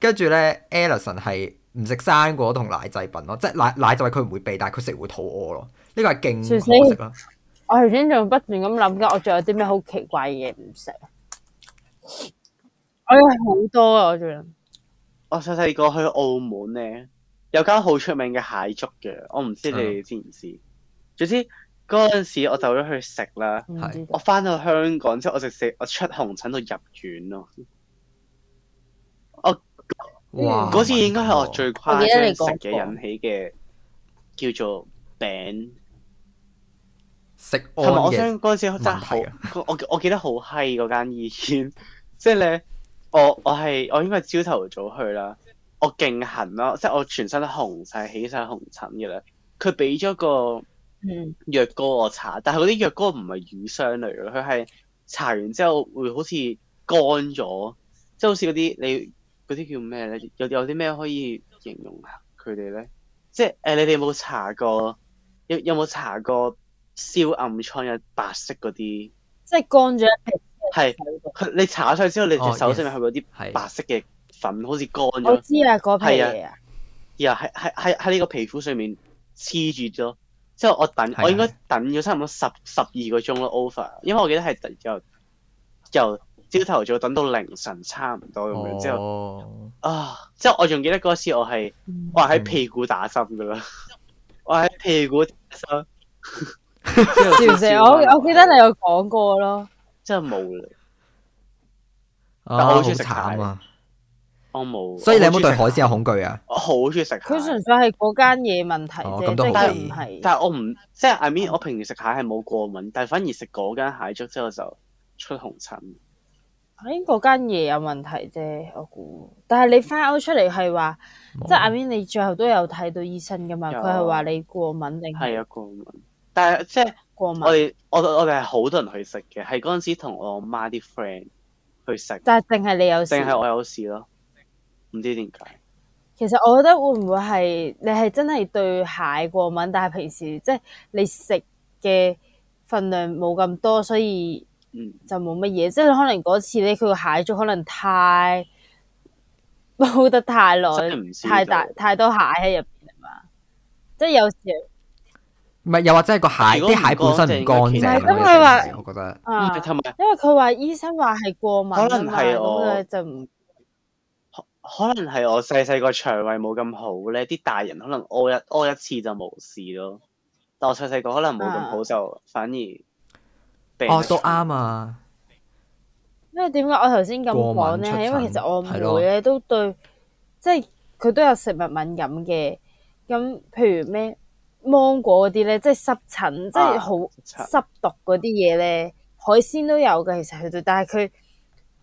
跟住咧，Ellison 係唔食生果同奶製品咯，即係奶奶就係佢唔會避，但係佢食會肚餓咯。呢、這個係勁難食啊！我頭先仲不斷咁諗緊，我仲有啲咩好奇怪嘢唔食？我有好多啊！我仲，我細細個去澳門咧。有間好出名嘅蟹粥嘅，我唔知你哋知唔知。嗯、總之嗰陣時我走咗去食啦，是我翻到香港之後、就是、我食食我出紅疹到入院咯。我嗰次哇應該係我最誇張食嘢引起嘅叫做病。食安嘅問題啊，同埋我想嗰陣時真係！我我記得好閪嗰間醫院，即係咧我、就是、我係我，我應該係朝頭早，上早上去啦。我勁痕咯、啊，即係我全身都紅晒，起晒紅疹嘅啦。佢俾咗個藥膏我搽，嗯、但係嗰啲藥膏唔係乳霜嚟嘅，佢係搽完之後會好似乾咗，即係好似嗰啲你嗰啲叫咩咧？有有啲咩可以形容下佢哋咧？即係誒、呃，你哋有冇搽過？有有冇搽過燒暗瘡嘅白色嗰啲？即係乾咗一片。係是， 你搽上去之後，你隻手上面係咪有啲白色嘅。粉，好似乾咗。我知啊，嗰批嘢啊，又係係喺呢個皮膚上面黐住咗，之後我等我應該等咗差唔多十十二個鐘咯，over，因為我記得係由由朝頭早等到凌晨差唔多咁樣之後，啊，之後我仲記得嗰次我係我係喺屁股打針噶啦，我喺屁股打針，笑死。我我記得你有講過咯，真係無聊，但我好想食蟹啊。我冇，所以你有冇對海鮮有恐懼啊？我好中意食。佢純粹係嗰間嘢問題啫、哦，但係唔係。但係我唔，即係 I mean，我平時食蟹係冇過敏，嗯、但係反而食嗰間蟹粥之後就出紅疹。喺嗰間嘢有問題啫，我估。但係你翻歐出嚟係話，嗯、即係 I mean，你最後都有睇到醫生噶嘛？佢係話你過敏定係啊過敏？但係即係過敏。我哋我我哋係好多人去食嘅，係嗰陣時同我媽啲 friend 去食。但係淨係你有事？淨係我有事咯。唔知點解。其實我覺得會唔會係你係真係對蟹過敏，但係平時即係、就是、你食嘅份量冇咁多，所以就冇乜嘢。嗯、即係可能嗰次咧，佢個蟹粥可能太煲得太耐，太大太多蟹喺入邊啊嘛。即係有時唔係又或者係個蟹啲蟹本身唔乾淨啊？咁佢話，我覺得、啊、因為佢話醫生話係過敏，可能係我就唔。可能係我細細個腸胃冇咁好咧，啲大人可能屙一屙一次就冇事咯。但我細細個可能冇咁好、啊、就反而哦都啱啊。因為點解我頭先咁講咧？因為其實我妹咧都對，對咯即係佢都有食物敏感嘅。咁譬如咩芒果嗰啲咧，即係濕疹，啊、即係好濕毒嗰啲嘢咧，海鮮都有嘅。其實佢對但係佢。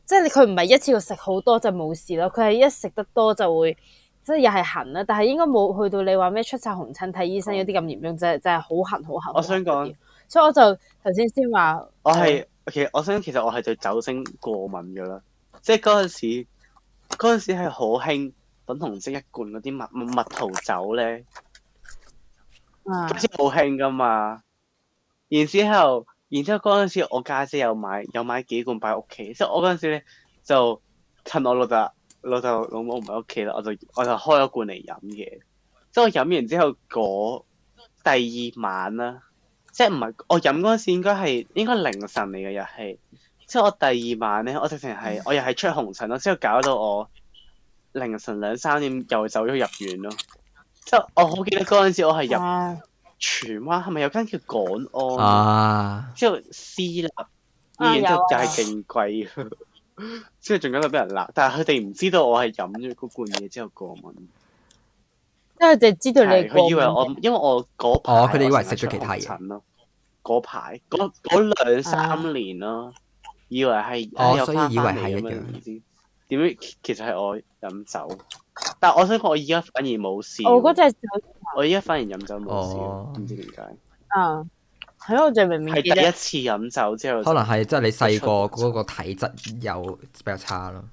即係佢唔係一次過食好多就冇事咯，佢係一食得多就會即係又係痕啦，但係應該冇去到你話咩出晒紅疹睇醫生嗰啲咁嚴重，即係即係好痕好痕。我想講，所以我就頭先先話，我係是、嗯 okay，其實我想其實我係對酒精過敏噶啦，即係嗰陣時嗰陣時係好興粉紅色一罐嗰啲蜜蜜桃酒咧，嗰、啊、時好興噶嘛，然之後。然之後嗰陣時，我家姐姐又買有買幾罐擺屋企，即係我嗰陣時咧就趁我老豆老豆老母唔喺屋企啦，我就我就開咗罐嚟飲嘅。即係我飲完之後，嗰第二晚啦，即係唔係我飲嗰陣時應該係應該凌晨嚟嘅日期。即係我第二晚咧，我直情係我又係出紅疹咯，之後搞到我凌晨兩三點又走咗入院咯。即係我好記得嗰陣時，我係入。荃灣係咪有間叫港安？啊、之後私立醫、啊啊、 之後就係勁貴，之後仲咁多俾人鬧。但係佢哋唔知道我係飲咗嗰罐嘢之後過敏，因為就知道你。佢以為我因為我嗰排、哦，佢哋以為食咗其他嘢咯。嗰排嗰兩三年咯、啊，啊、以為係我有以以為係咁樣。唔知點解。其實係我飲酒。但我想講，我而家反而冇事。我嗰隻我而家反而飲酒冇事，唔知點解。啊，係咯，我最明明係第一次飲酒之後，可能係即係你細個嗰個體質又比較差咯。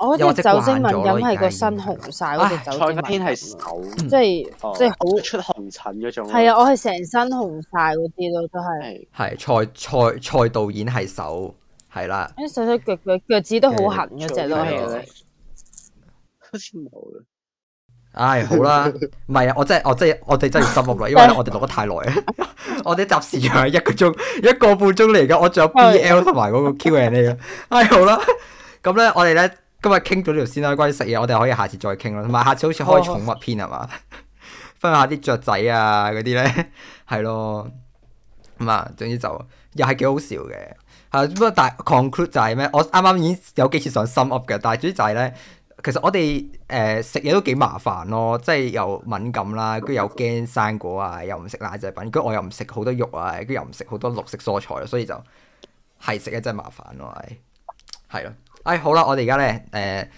我嗰隻酒精敏感係個身紅晒，嗰隻酒精敏感係手，即係即係好出紅疹嗰種。係啊，我係成身紅晒嗰啲咯，都係係蔡蔡蔡導演係手係啦，啲細細腳腳腳趾都好痕嗰隻咯，係。好似冇嘅，唉、哎，好啦，唔係啊，我真係我真係我哋真係要 sum up 啦，因為我哋錄得太耐啊， 我哋集時仲係一個鐘一個半鐘嚟噶，我仲有 B L 同埋嗰個 Q and A 嘅，唉、哎，好啦，咁 咧、嗯、我哋咧今日傾咗呢條先啦，關於食嘢我哋可以下次再傾啦，同埋下次好似開寵物篇係嘛， 分享下啲雀仔啊嗰啲咧，係咯，咁、嗯、啊，總之就又係幾好笑嘅，係不過但 conclude 就係、是、咩，我啱啱已經有幾次上 sum up 嘅，但係主要就係、是、咧。其實我哋誒食嘢，都幾麻煩咯，即係又敏感啦，跟住又驚生果啊，又唔食奶製品，跟住我又唔食好多肉啊，跟住又唔食好多綠色蔬菜，所以就係食嘢真係麻煩咯，係係咯，唉啦、哎，好啦，我哋而家咧誒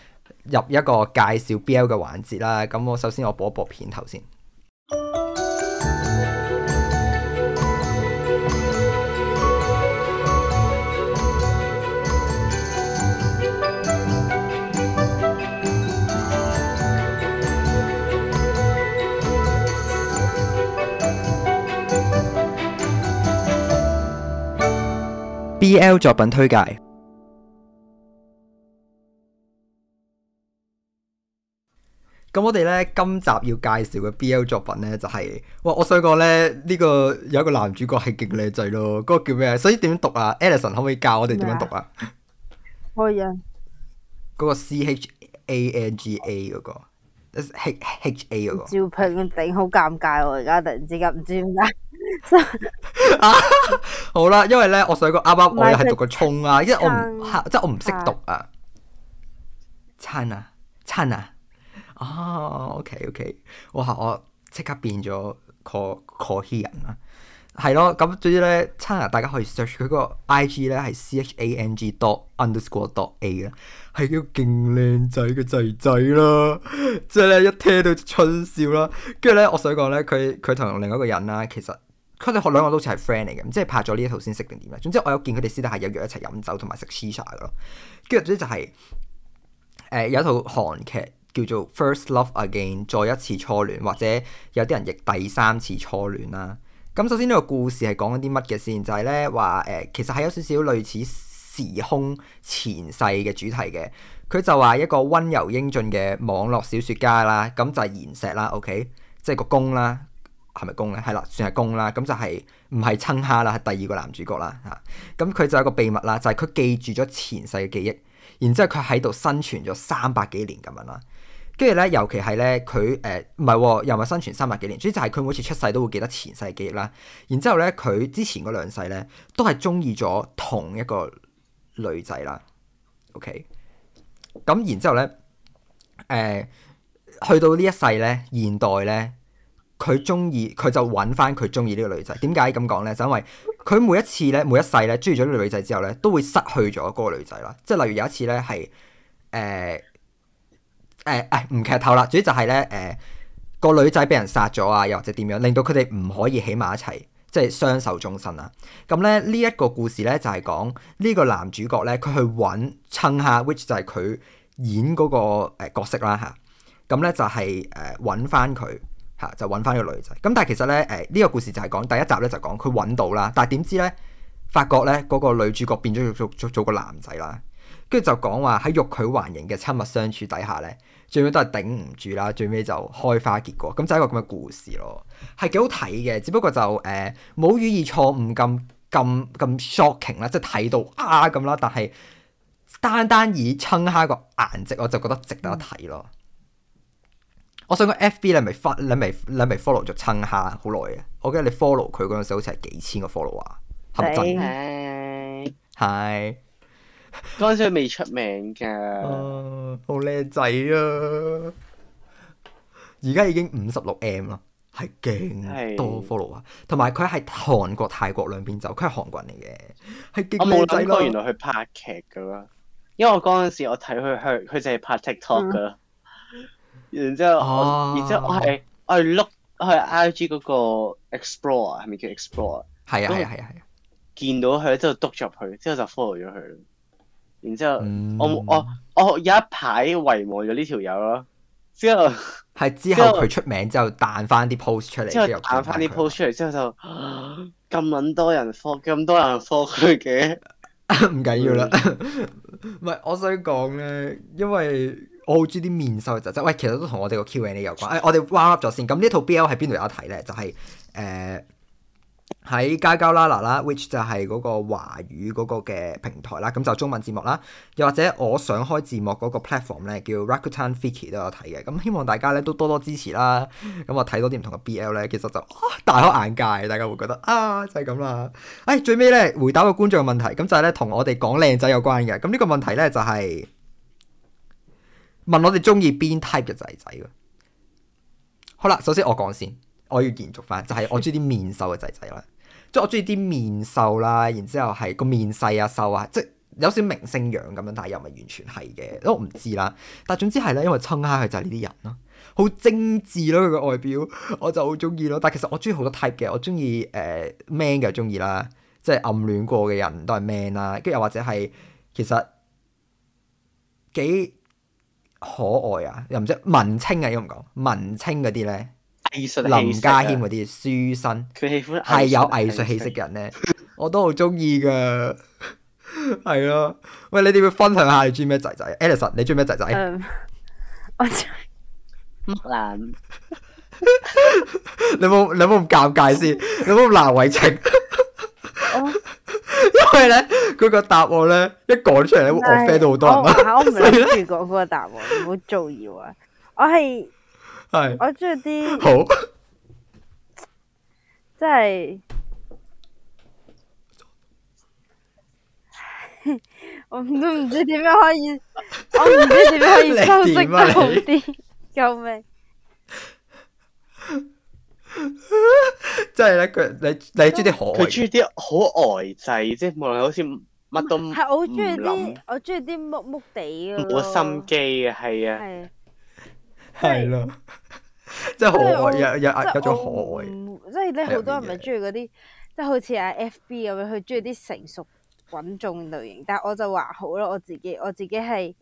入一個介紹 BL 嘅環節啦，咁我首先我播一播片頭先。B.L 作品推介。咁我哋咧今集要介紹嘅 B.L 作品咧就係、是，哇！我想講咧呢、這個有一個男主角係極靚仔咯，嗰、那個叫咩？所以點樣讀啊？Ellison 可唔可以教我哋點樣讀啊？可以啊，嗰個 C.H.A.N.G.A 嗰個 H.H.A 嗰、那個。H h 那個、照片頂好尷尬，我而家突然之間唔知點解。 啊、好啦，因為咧，我想講啱啱我又係讀個葱啦，因為我唔、啊啊、即係我唔識讀啊。Chana，Chana，哦，OK，OK，哇，我即刻變咗 co c o o r d i n t 啦，係咯，咁總之咧，Chana 大家可以 search 佢個 I G 咧係 c h a n g dot underscore dot a 啦，係叫個勁靚仔嘅仔仔啦，即係咧一聽到春笑啦，跟住咧我想講咧，佢佢同另外一個人啦，其實。佢哋學兩個都似係 friend 嚟嘅，即係拍咗呢一套先識定點啊！總之我有見佢哋私底下有約一齊飲酒同埋食 shisha 嘅咯。跟住總之就係、是、誒、呃、有一套韓劇叫做《First Love Again》再一次初戀，或者有啲人譯第三次初戀啦。咁、啊、首先呢個故事係講緊啲乜嘅先？就係咧話誒，其實係有少少類似時空前世嘅主題嘅。佢就話一個温柔英俊嘅網絡小説家啦，咁、啊、就係賢石啦、啊、OK，即係個公啦。啊係咪公咧？係啦，算係公啦。咁就係唔係親蝦啦，係第二個男主角啦。吓、嗯，咁佢就有一個秘密啦，就係、是、佢記住咗前世嘅記憶，然之後佢喺度生存咗三百幾年咁樣啦。跟住咧，尤其係咧，佢誒唔係又咪生存三百幾年？主要就係佢每次出世都會記得前世嘅記憶啦。然之後咧，佢之前個兩世咧都係中意咗同一個女仔啦。OK，咁然之後咧，誒、呃、去到呢一世咧，現代咧。佢中意佢，就揾翻佢中意呢個女仔。點解咁講呢？就是、因為佢每一次呢，每一世呢，中意咗呢個女仔之後呢，都會失去咗嗰個女仔啦。即係例如有一次呢，係誒誒唔劇透啦。主要就係呢誒、呃、個女仔被人殺咗啊，又或者點樣，令到佢哋唔可以喺埋一齊，即係相守終身啦。咁咧呢一個故事呢，就係講呢個男主角呢，佢去揾親下，which 就係佢演嗰、那個、呃、角色啦嚇。咁、啊、咧、嗯、就係誒揾翻佢。呃嚇、啊、就揾翻呢個女仔，咁但係其實咧，誒、欸、呢、這個故事就係講第一集咧就講佢揾到啦，但係點知咧發覺咧嗰個女主角變咗做做做個男仔啦，跟住就講話喺欲拒還形嘅親密相處底下咧，最尾都係頂唔住啦，最尾就開花結果，咁就係一個咁嘅故事咯，係幾好睇嘅，只不過就誒冇、欸、語意錯誤咁咁咁 shocking 啦、啊，即係睇到啊咁啦、啊，但係單單以親哈個顏值我就覺得值得一睇咯。我想講 F B 你咪 follow 你咪 fo 你咪 follow 咗親下好耐啊！我記得你 follow 佢嗰陣時好似係幾千個 follow Hey, 啊，係嗰陣時佢未出名噶，好靚仔啊！而家已經五十六 M 是咯，係勁多 follow 啊！同埋佢係韓國泰國兩邊走，佢係韓國人嚟嘅，係我冇諗過原來佢拍劇噶咯，因為我嗰陣時我睇佢去佢就係拍 TikTok 噶啦。 然之後，然之後我係我係 look，我係 I G 嗰個 Explore，係咪叫 Explore？係啊係啊係啊，見到佢之後督咗佢，之後就 follow 咗佢。然之後我我我有一排遺忘咗呢條友咯，之後係之後佢出名之後彈翻啲 post 出嚟，之後彈翻啲 post 出嚟之後就咁捻多人 follow，咁多人 follow 佢嘅，唔 緊要啦。唔係 我想講咧，因為。我好中意啲面瘦仔仔，喂，其實都同我哋個 Q&A 有關。誒、哎，我哋彎咗先。咁呢套 BL 喺邊度有得睇呢？就係誒喺加加啦啦啦，which 就係嗰個華語嗰個嘅平台啦。咁就中文字幕啦，又或者我想開字幕嗰個 platform 呢，叫 Rakuten Viki 都有睇嘅。咁希望大家呢都多多支持啦。咁我睇多啲唔同嘅 BL 呢，其實就、啊、大開眼界。大家會覺得啊，就係咁啦。誒、哎，最尾呢，回答個觀眾問題，咁就係呢同我哋講靚仔有關嘅。咁呢個問題呢，就係、是。問我哋中意邊 type 嘅仔仔噶？好啦，首先我講先，我要延續翻，就係我中意啲面瘦嘅仔仔啦，即係我中意啲面瘦啦，然之後係個面細啊瘦啊，即係有少少明星樣咁樣，但係又唔係完全係嘅，因為我唔知啦。但係總之係咧，因為襯下佢就係呢啲人咯，好精緻咯佢嘅外表，我就好中意咯。但係其實我中意好多 type 嘅，我中意誒 man 嘅中意啦，即係暗戀過嘅人都係 man 啦，跟住又或者係其實幾。可愛啊，又唔識文青啊，都唔講文青嗰啲咧。藝術林家謙嗰啲書生佢喜歡係有藝術氣息嘅人咧，我都好中意噶。係咯，喂，你點樣分享下你中咩仔仔？Alison，你中咩仔仔？我難，你冇你冇咁尷尬先，你冇咁難為情。我因為咧佢個答案咧一講出嚟咧會 offend 到好多人啊！我唔中意講嗰個答案，唔好造謠。我係係我中意啲好，即係我都唔知點樣可以，我唔知點樣可以休息得好啲，救命。即係咧，佢 你你中意啲可愛，佢中意啲可愛仔，即係無論好似乜都係我好中意啲，我中意啲木木地嘅，好心機嘅，係啊，係咯，真係好有有有種可愛。即係咧，好多人咪係中意嗰啲，即係的好似阿 F B 咁樣，佢中意啲成熟穩重類型。但係我就話好咯，我自己我自己係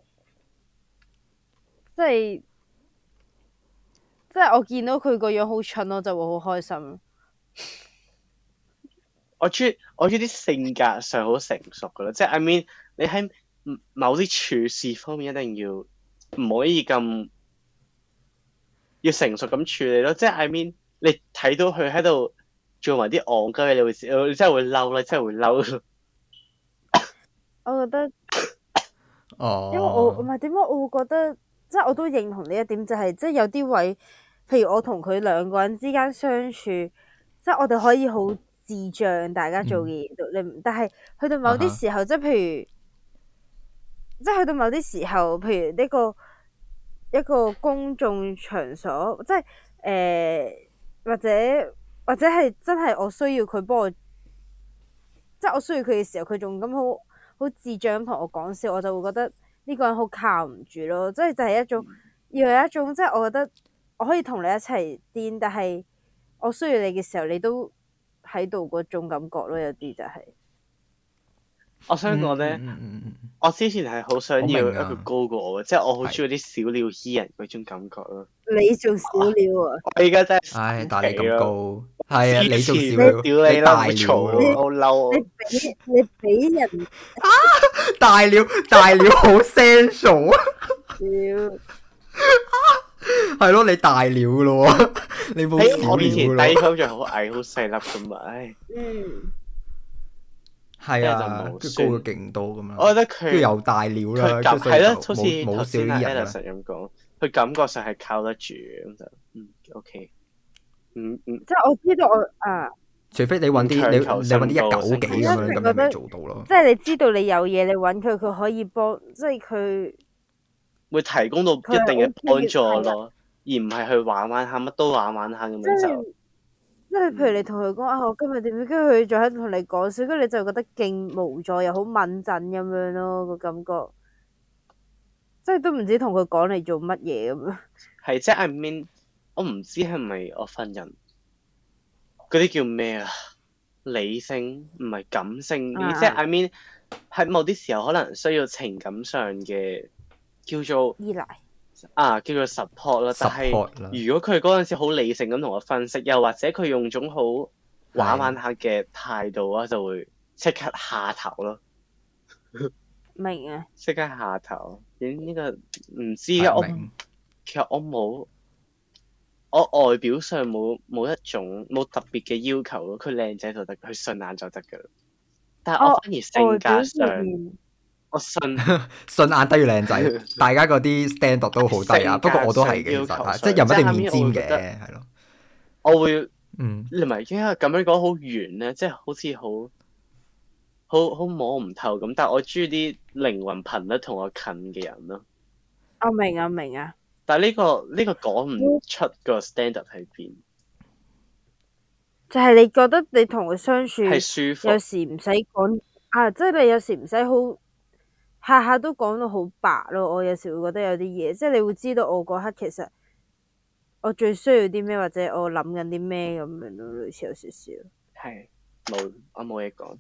即係。即係我見到佢個樣好蠢，我就會好開心。我中意我中意啲性格上好成熟噶咯，即係 I mean 你喺某啲處事方面一定要唔可以咁要，成熟咁處理咯。即係 I mean 你睇到佢喺度做埋啲戇鳩嘢，你會你真係會嬲啦，真係會嬲。會 我覺得哦， 因為我唔係點解我會覺得即係我都認同呢一點，就係、是、即係有啲位。譬如我同佢兩個人之間相處，即係我哋可以好智障，大家做嘅嘢你，嗯、但係去到某啲時候，即係、啊、哈譬如，即係去到某啲時候，譬如呢、呢個一個公眾場所，即係誒、呃、或者或者係真係我需要佢幫我，即係我需要佢嘅時候，佢仲咁好好智障咁同我講笑，我就會覺得呢個人好靠唔住咯。即係就係一種要有一種，即係我覺得。我可以同你一齊癲，但係我需要你嘅時候，你都喺度嗰種感覺咯，有啲就係。我想講咧，我之前係好想要一個高過我嘅，即係我好中意啲小鳥依人嗰種感覺咯。你做小鳥啊？我而家真係，唉，大你咁高，係啊，你做小鳥，你大鳥，我好嬲。你你俾人啊？大鳥大鳥好 sensual 啊！係咯， 你大料咯，你冇 以前低級就好矮好細粒噶嘛，唉，係啊，高咗勁多咁樣，我覺得佢又大料啦，佢係咯，好似頭先阿 Ella 咁講，佢感覺上係靠得住咁就，嗯，OK，嗯嗯，即係我知道我啊，除非你搵啲你搵啲一九幾咁樣咁做到咯，即係、就是、你知道你有嘢，你搵佢佢可以幫，即係佢。會提供到一定嘅幫助咯，而唔係去玩玩下，乜都玩玩下咁樣、就係、就。即係譬如你同佢講啊，我今日點樣，再跟住佢仲喺度同你講少，跟住你就會覺得勁無助又好敏感咁樣咯，個感覺。即係都唔知同佢講嚟做乜嘢咁樣。係， 即係 I mean，我唔知係咪我份人，嗰啲叫咩啊？理性唔係感性、啊啊、即係 I mean，喺某啲時候可能需要情感上嘅。叫做依賴啊，叫做 support 咯。但係如果佢嗰陣時好理性咁同我分析，又或者佢用種好玩一玩下嘅態度啊，的就會即刻下頭咯。明啊！即刻下頭，點呢、 這個唔知啊。我，我白其實我冇，我外表上冇冇一種冇特別嘅要求咯。佢靚仔就得，佢順眼就得噶啦。但係我反而性格上。哦哦嗯嗯我信 信眼低於靚仔， 大家嗰啲 standard 都好低啊。不過我都係嘅，即係又唔一定面尖嘅，係咯。我會嗯，唔係因為咁樣講、就是、好圓咧，即係好似好好好摸唔透咁。但係我中意啲靈魂頻率同我近嘅人咯。我明啊，明啊、這個。但係呢個呢個講唔出個 standard 喺邊。就係你覺得你同佢相處係舒服，有時唔使講啊，即、就、係、是、你有時唔使好。下下都講到好白咯，我有時會覺得有啲嘢，即係你會知道我嗰刻其實我最需要啲咩，或者我諗緊啲咩咁樣咯，類似有少少。係，冇，我冇嘢講。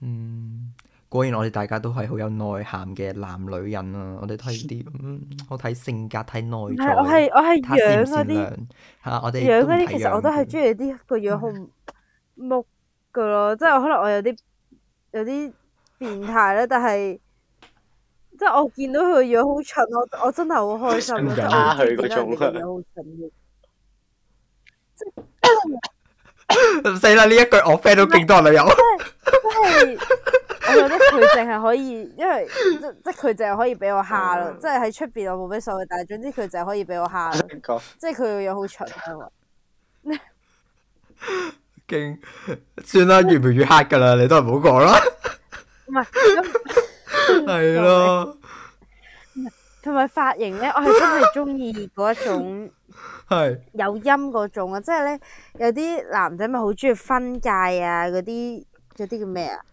嗯，果然我哋大家都係好有內涵嘅男女人啊，我哋睇啲，嗯，我睇性格睇內在。唔係，我係我係樣嗰啲。嚇，我哋樣嗰啲其實我都係中意啲個樣好木嘅咯，即係可能我有啲有啲變態啦，但係。即係我見到佢個樣好蠢，我我真係好開心。更加佢個種好蠢嘅。死啦，呢一句我 friend 到勁多旅遊。即係，真係。 我有啲佢淨係可以，因為即即佢淨係可以俾我蝦咯。 即係喺出邊我冇咩所謂，但係總之佢淨係可以俾我蝦咯。 即係佢個樣好蠢啊！驚， 算啦，越描越黑噶啦，你都係唔好講啦。唔係。 嗯係咯，同埋髮型咧，我係真係中意嗰一種，係有音嗰種啊！即係咧，有啲男仔咪好中意分界啊，嗰啲嗰啲叫咩啊？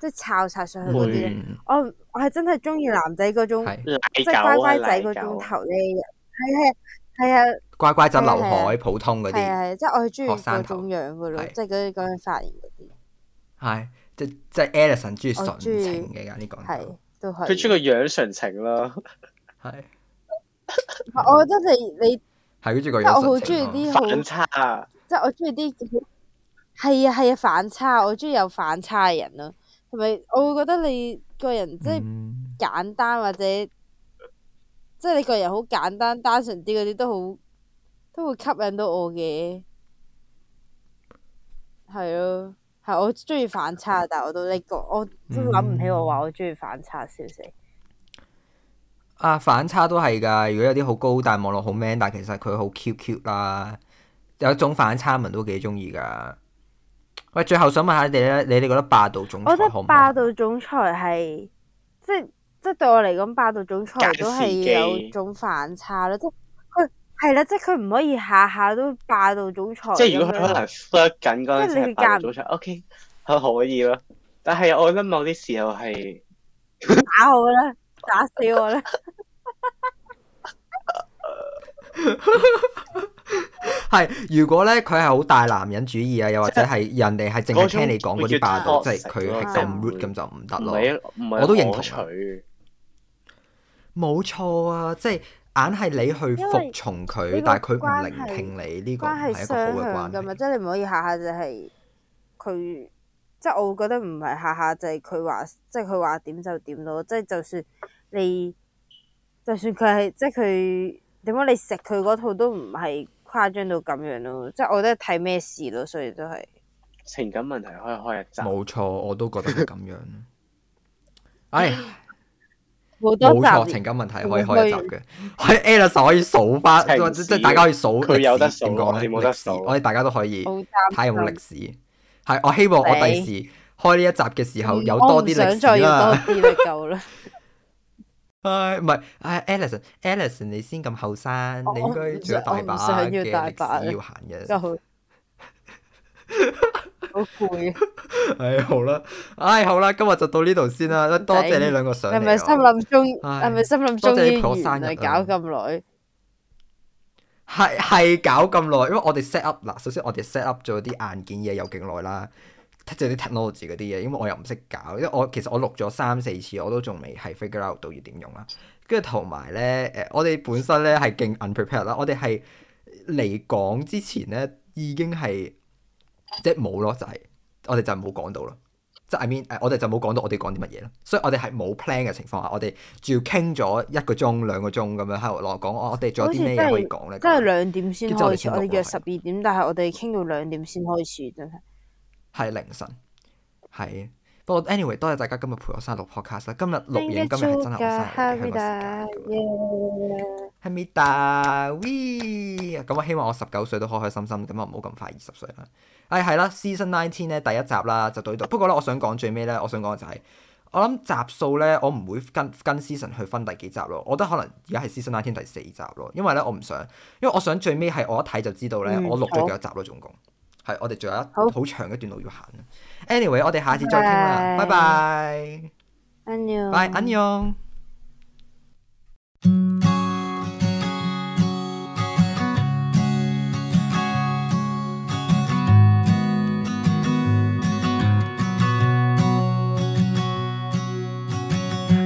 即係抄晒上去嗰啲。我我係真係中意男仔嗰種，即係乖乖仔嗰種頭咧。係係係啊，乖乖仔劉海普通嗰啲，即係我係中意嗰種樣噶咯，即係嗰啲嗰種髮型嗰啲。係即即係，Ellison 中意純情嘅呢個係。佢出個樣純情咯，係， 我覺得你你，係佢中我好中意啲好，反差，即係我中意啲，係啊係啊反差，我中意有反差嘅人咯，係咪？我會覺得你個人即係簡單或者，嗯、即係你個人好簡單單純啲嗰啲都好，都會吸引到我嘅，係咯、啊。係我中意反差，但係我都拎過，我都諗唔起我話我中意反差笑死啊！反差都係噶，如果有啲好高，但係網絡好 man，但係其實佢好 Q Q 啦，有一種反差文都幾中意噶。喂，最後想問下你哋咧，你哋覺得霸道總裁好唔好？我覺得霸道總裁係即係即係對我嚟講，霸道總裁都係有種反差咯。即係啦，即係佢唔可以下下都霸道總裁。即係如果佢可能 fuck 緊嗰陣時霸道總裁 OK，佢可以咯。但係我諗某啲時候係 打我啦，打死我啦。係 如果咧，佢係好大男人主義啊，又或者係人哋係淨係聽你講嗰啲霸道，即係佢係咁 root，咁的就唔得咯。是我都認同佢。冇錯啊，即係。硬係你去服從佢，但係佢唔聆聽你呢關係 個係一個好嘅關係。關係雙向㗎嘛，即係你唔可以下下就係佢，即係我會覺得唔係下下就係佢話，即係佢話點就點咯。即係就算你，就算佢係，即係佢點解你食佢嗰套都唔係誇張到咁樣咯？即係我覺得睇咩事咯，所以都係情感問題可以開一集。冇錯，我都覺得係咁樣。唉、 哎。冇錯，情感問題可以開一集嘅，喺 Alison 可以數返，即即大家可以數歷史，點講咧？冇得我哋大家都可以睇下有冇歷史。係，我希望我第時開呢一集嘅時候有多啲歷史啦。我唔想再要多啲，都夠啦。唉，唔係，Alison，Alison，你先咁後生，你應該著大把嘅歷史要行嘅。好攰，啊，唉，好啦，唉、哎，好啦，今日就到呢度先啦，多謝你兩個上嚟，係咪心諗中，係咪、哎、心諗中意？多謝你破散嘅搞咁耐，係係搞咁耐，因為我哋 set up 嗱，首先我哋 set up 咗啲硬件嘢有勁耐啦，即係啲 technology 嗰啲嘢，因為我又唔識搞，因為我其實我錄咗三四次，我都仲未係 figure out 到要點用啦。跟住同埋咧，誒，我哋本身咧係勁 unprepared 啦，un pared, 我哋係嚟講之前咧已經係。即係冇咯，就係、是、我哋就唔好講到咯，即、就、係、是、I mean，我哋就冇講到我哋講啲乜嘢咯，所以我哋係冇 plan 嘅情況下，我哋仲要傾咗一個鐘、兩個鐘咁樣喺度落講，我哋仲有啲咩嘢可以講咧是？真係兩點先開始，我哋約十二點，是但係我哋傾到兩點先開始，真係係凌晨，係啊。不過 anyway，多謝大家今日陪我生六 p o d c 今日錄影今日係真係好犀利嘅一個時間。Happy day，Happy day，We 咁我希望我十九歲都開開心心，咁啊唔好咁快二十歲啦。誒係啦，Season Nineteen 咧，第一集啦，就到呢度。不過咧，我想講最尾咧，我想講就係、是，我諗集數咧，我唔會跟跟 Season 去分第幾集咯。我覺得可能而家係 Season Nineteen 第四集咯，因為咧我唔想，因為我想最尾係我一睇就知道咧，嗯、我錄咗幾多集咯，總共。係好，我哋仲有一好長一段路要行。Anyway，我哋下次再傾啦，拜拜 Bye. bye。Annie, bye Annie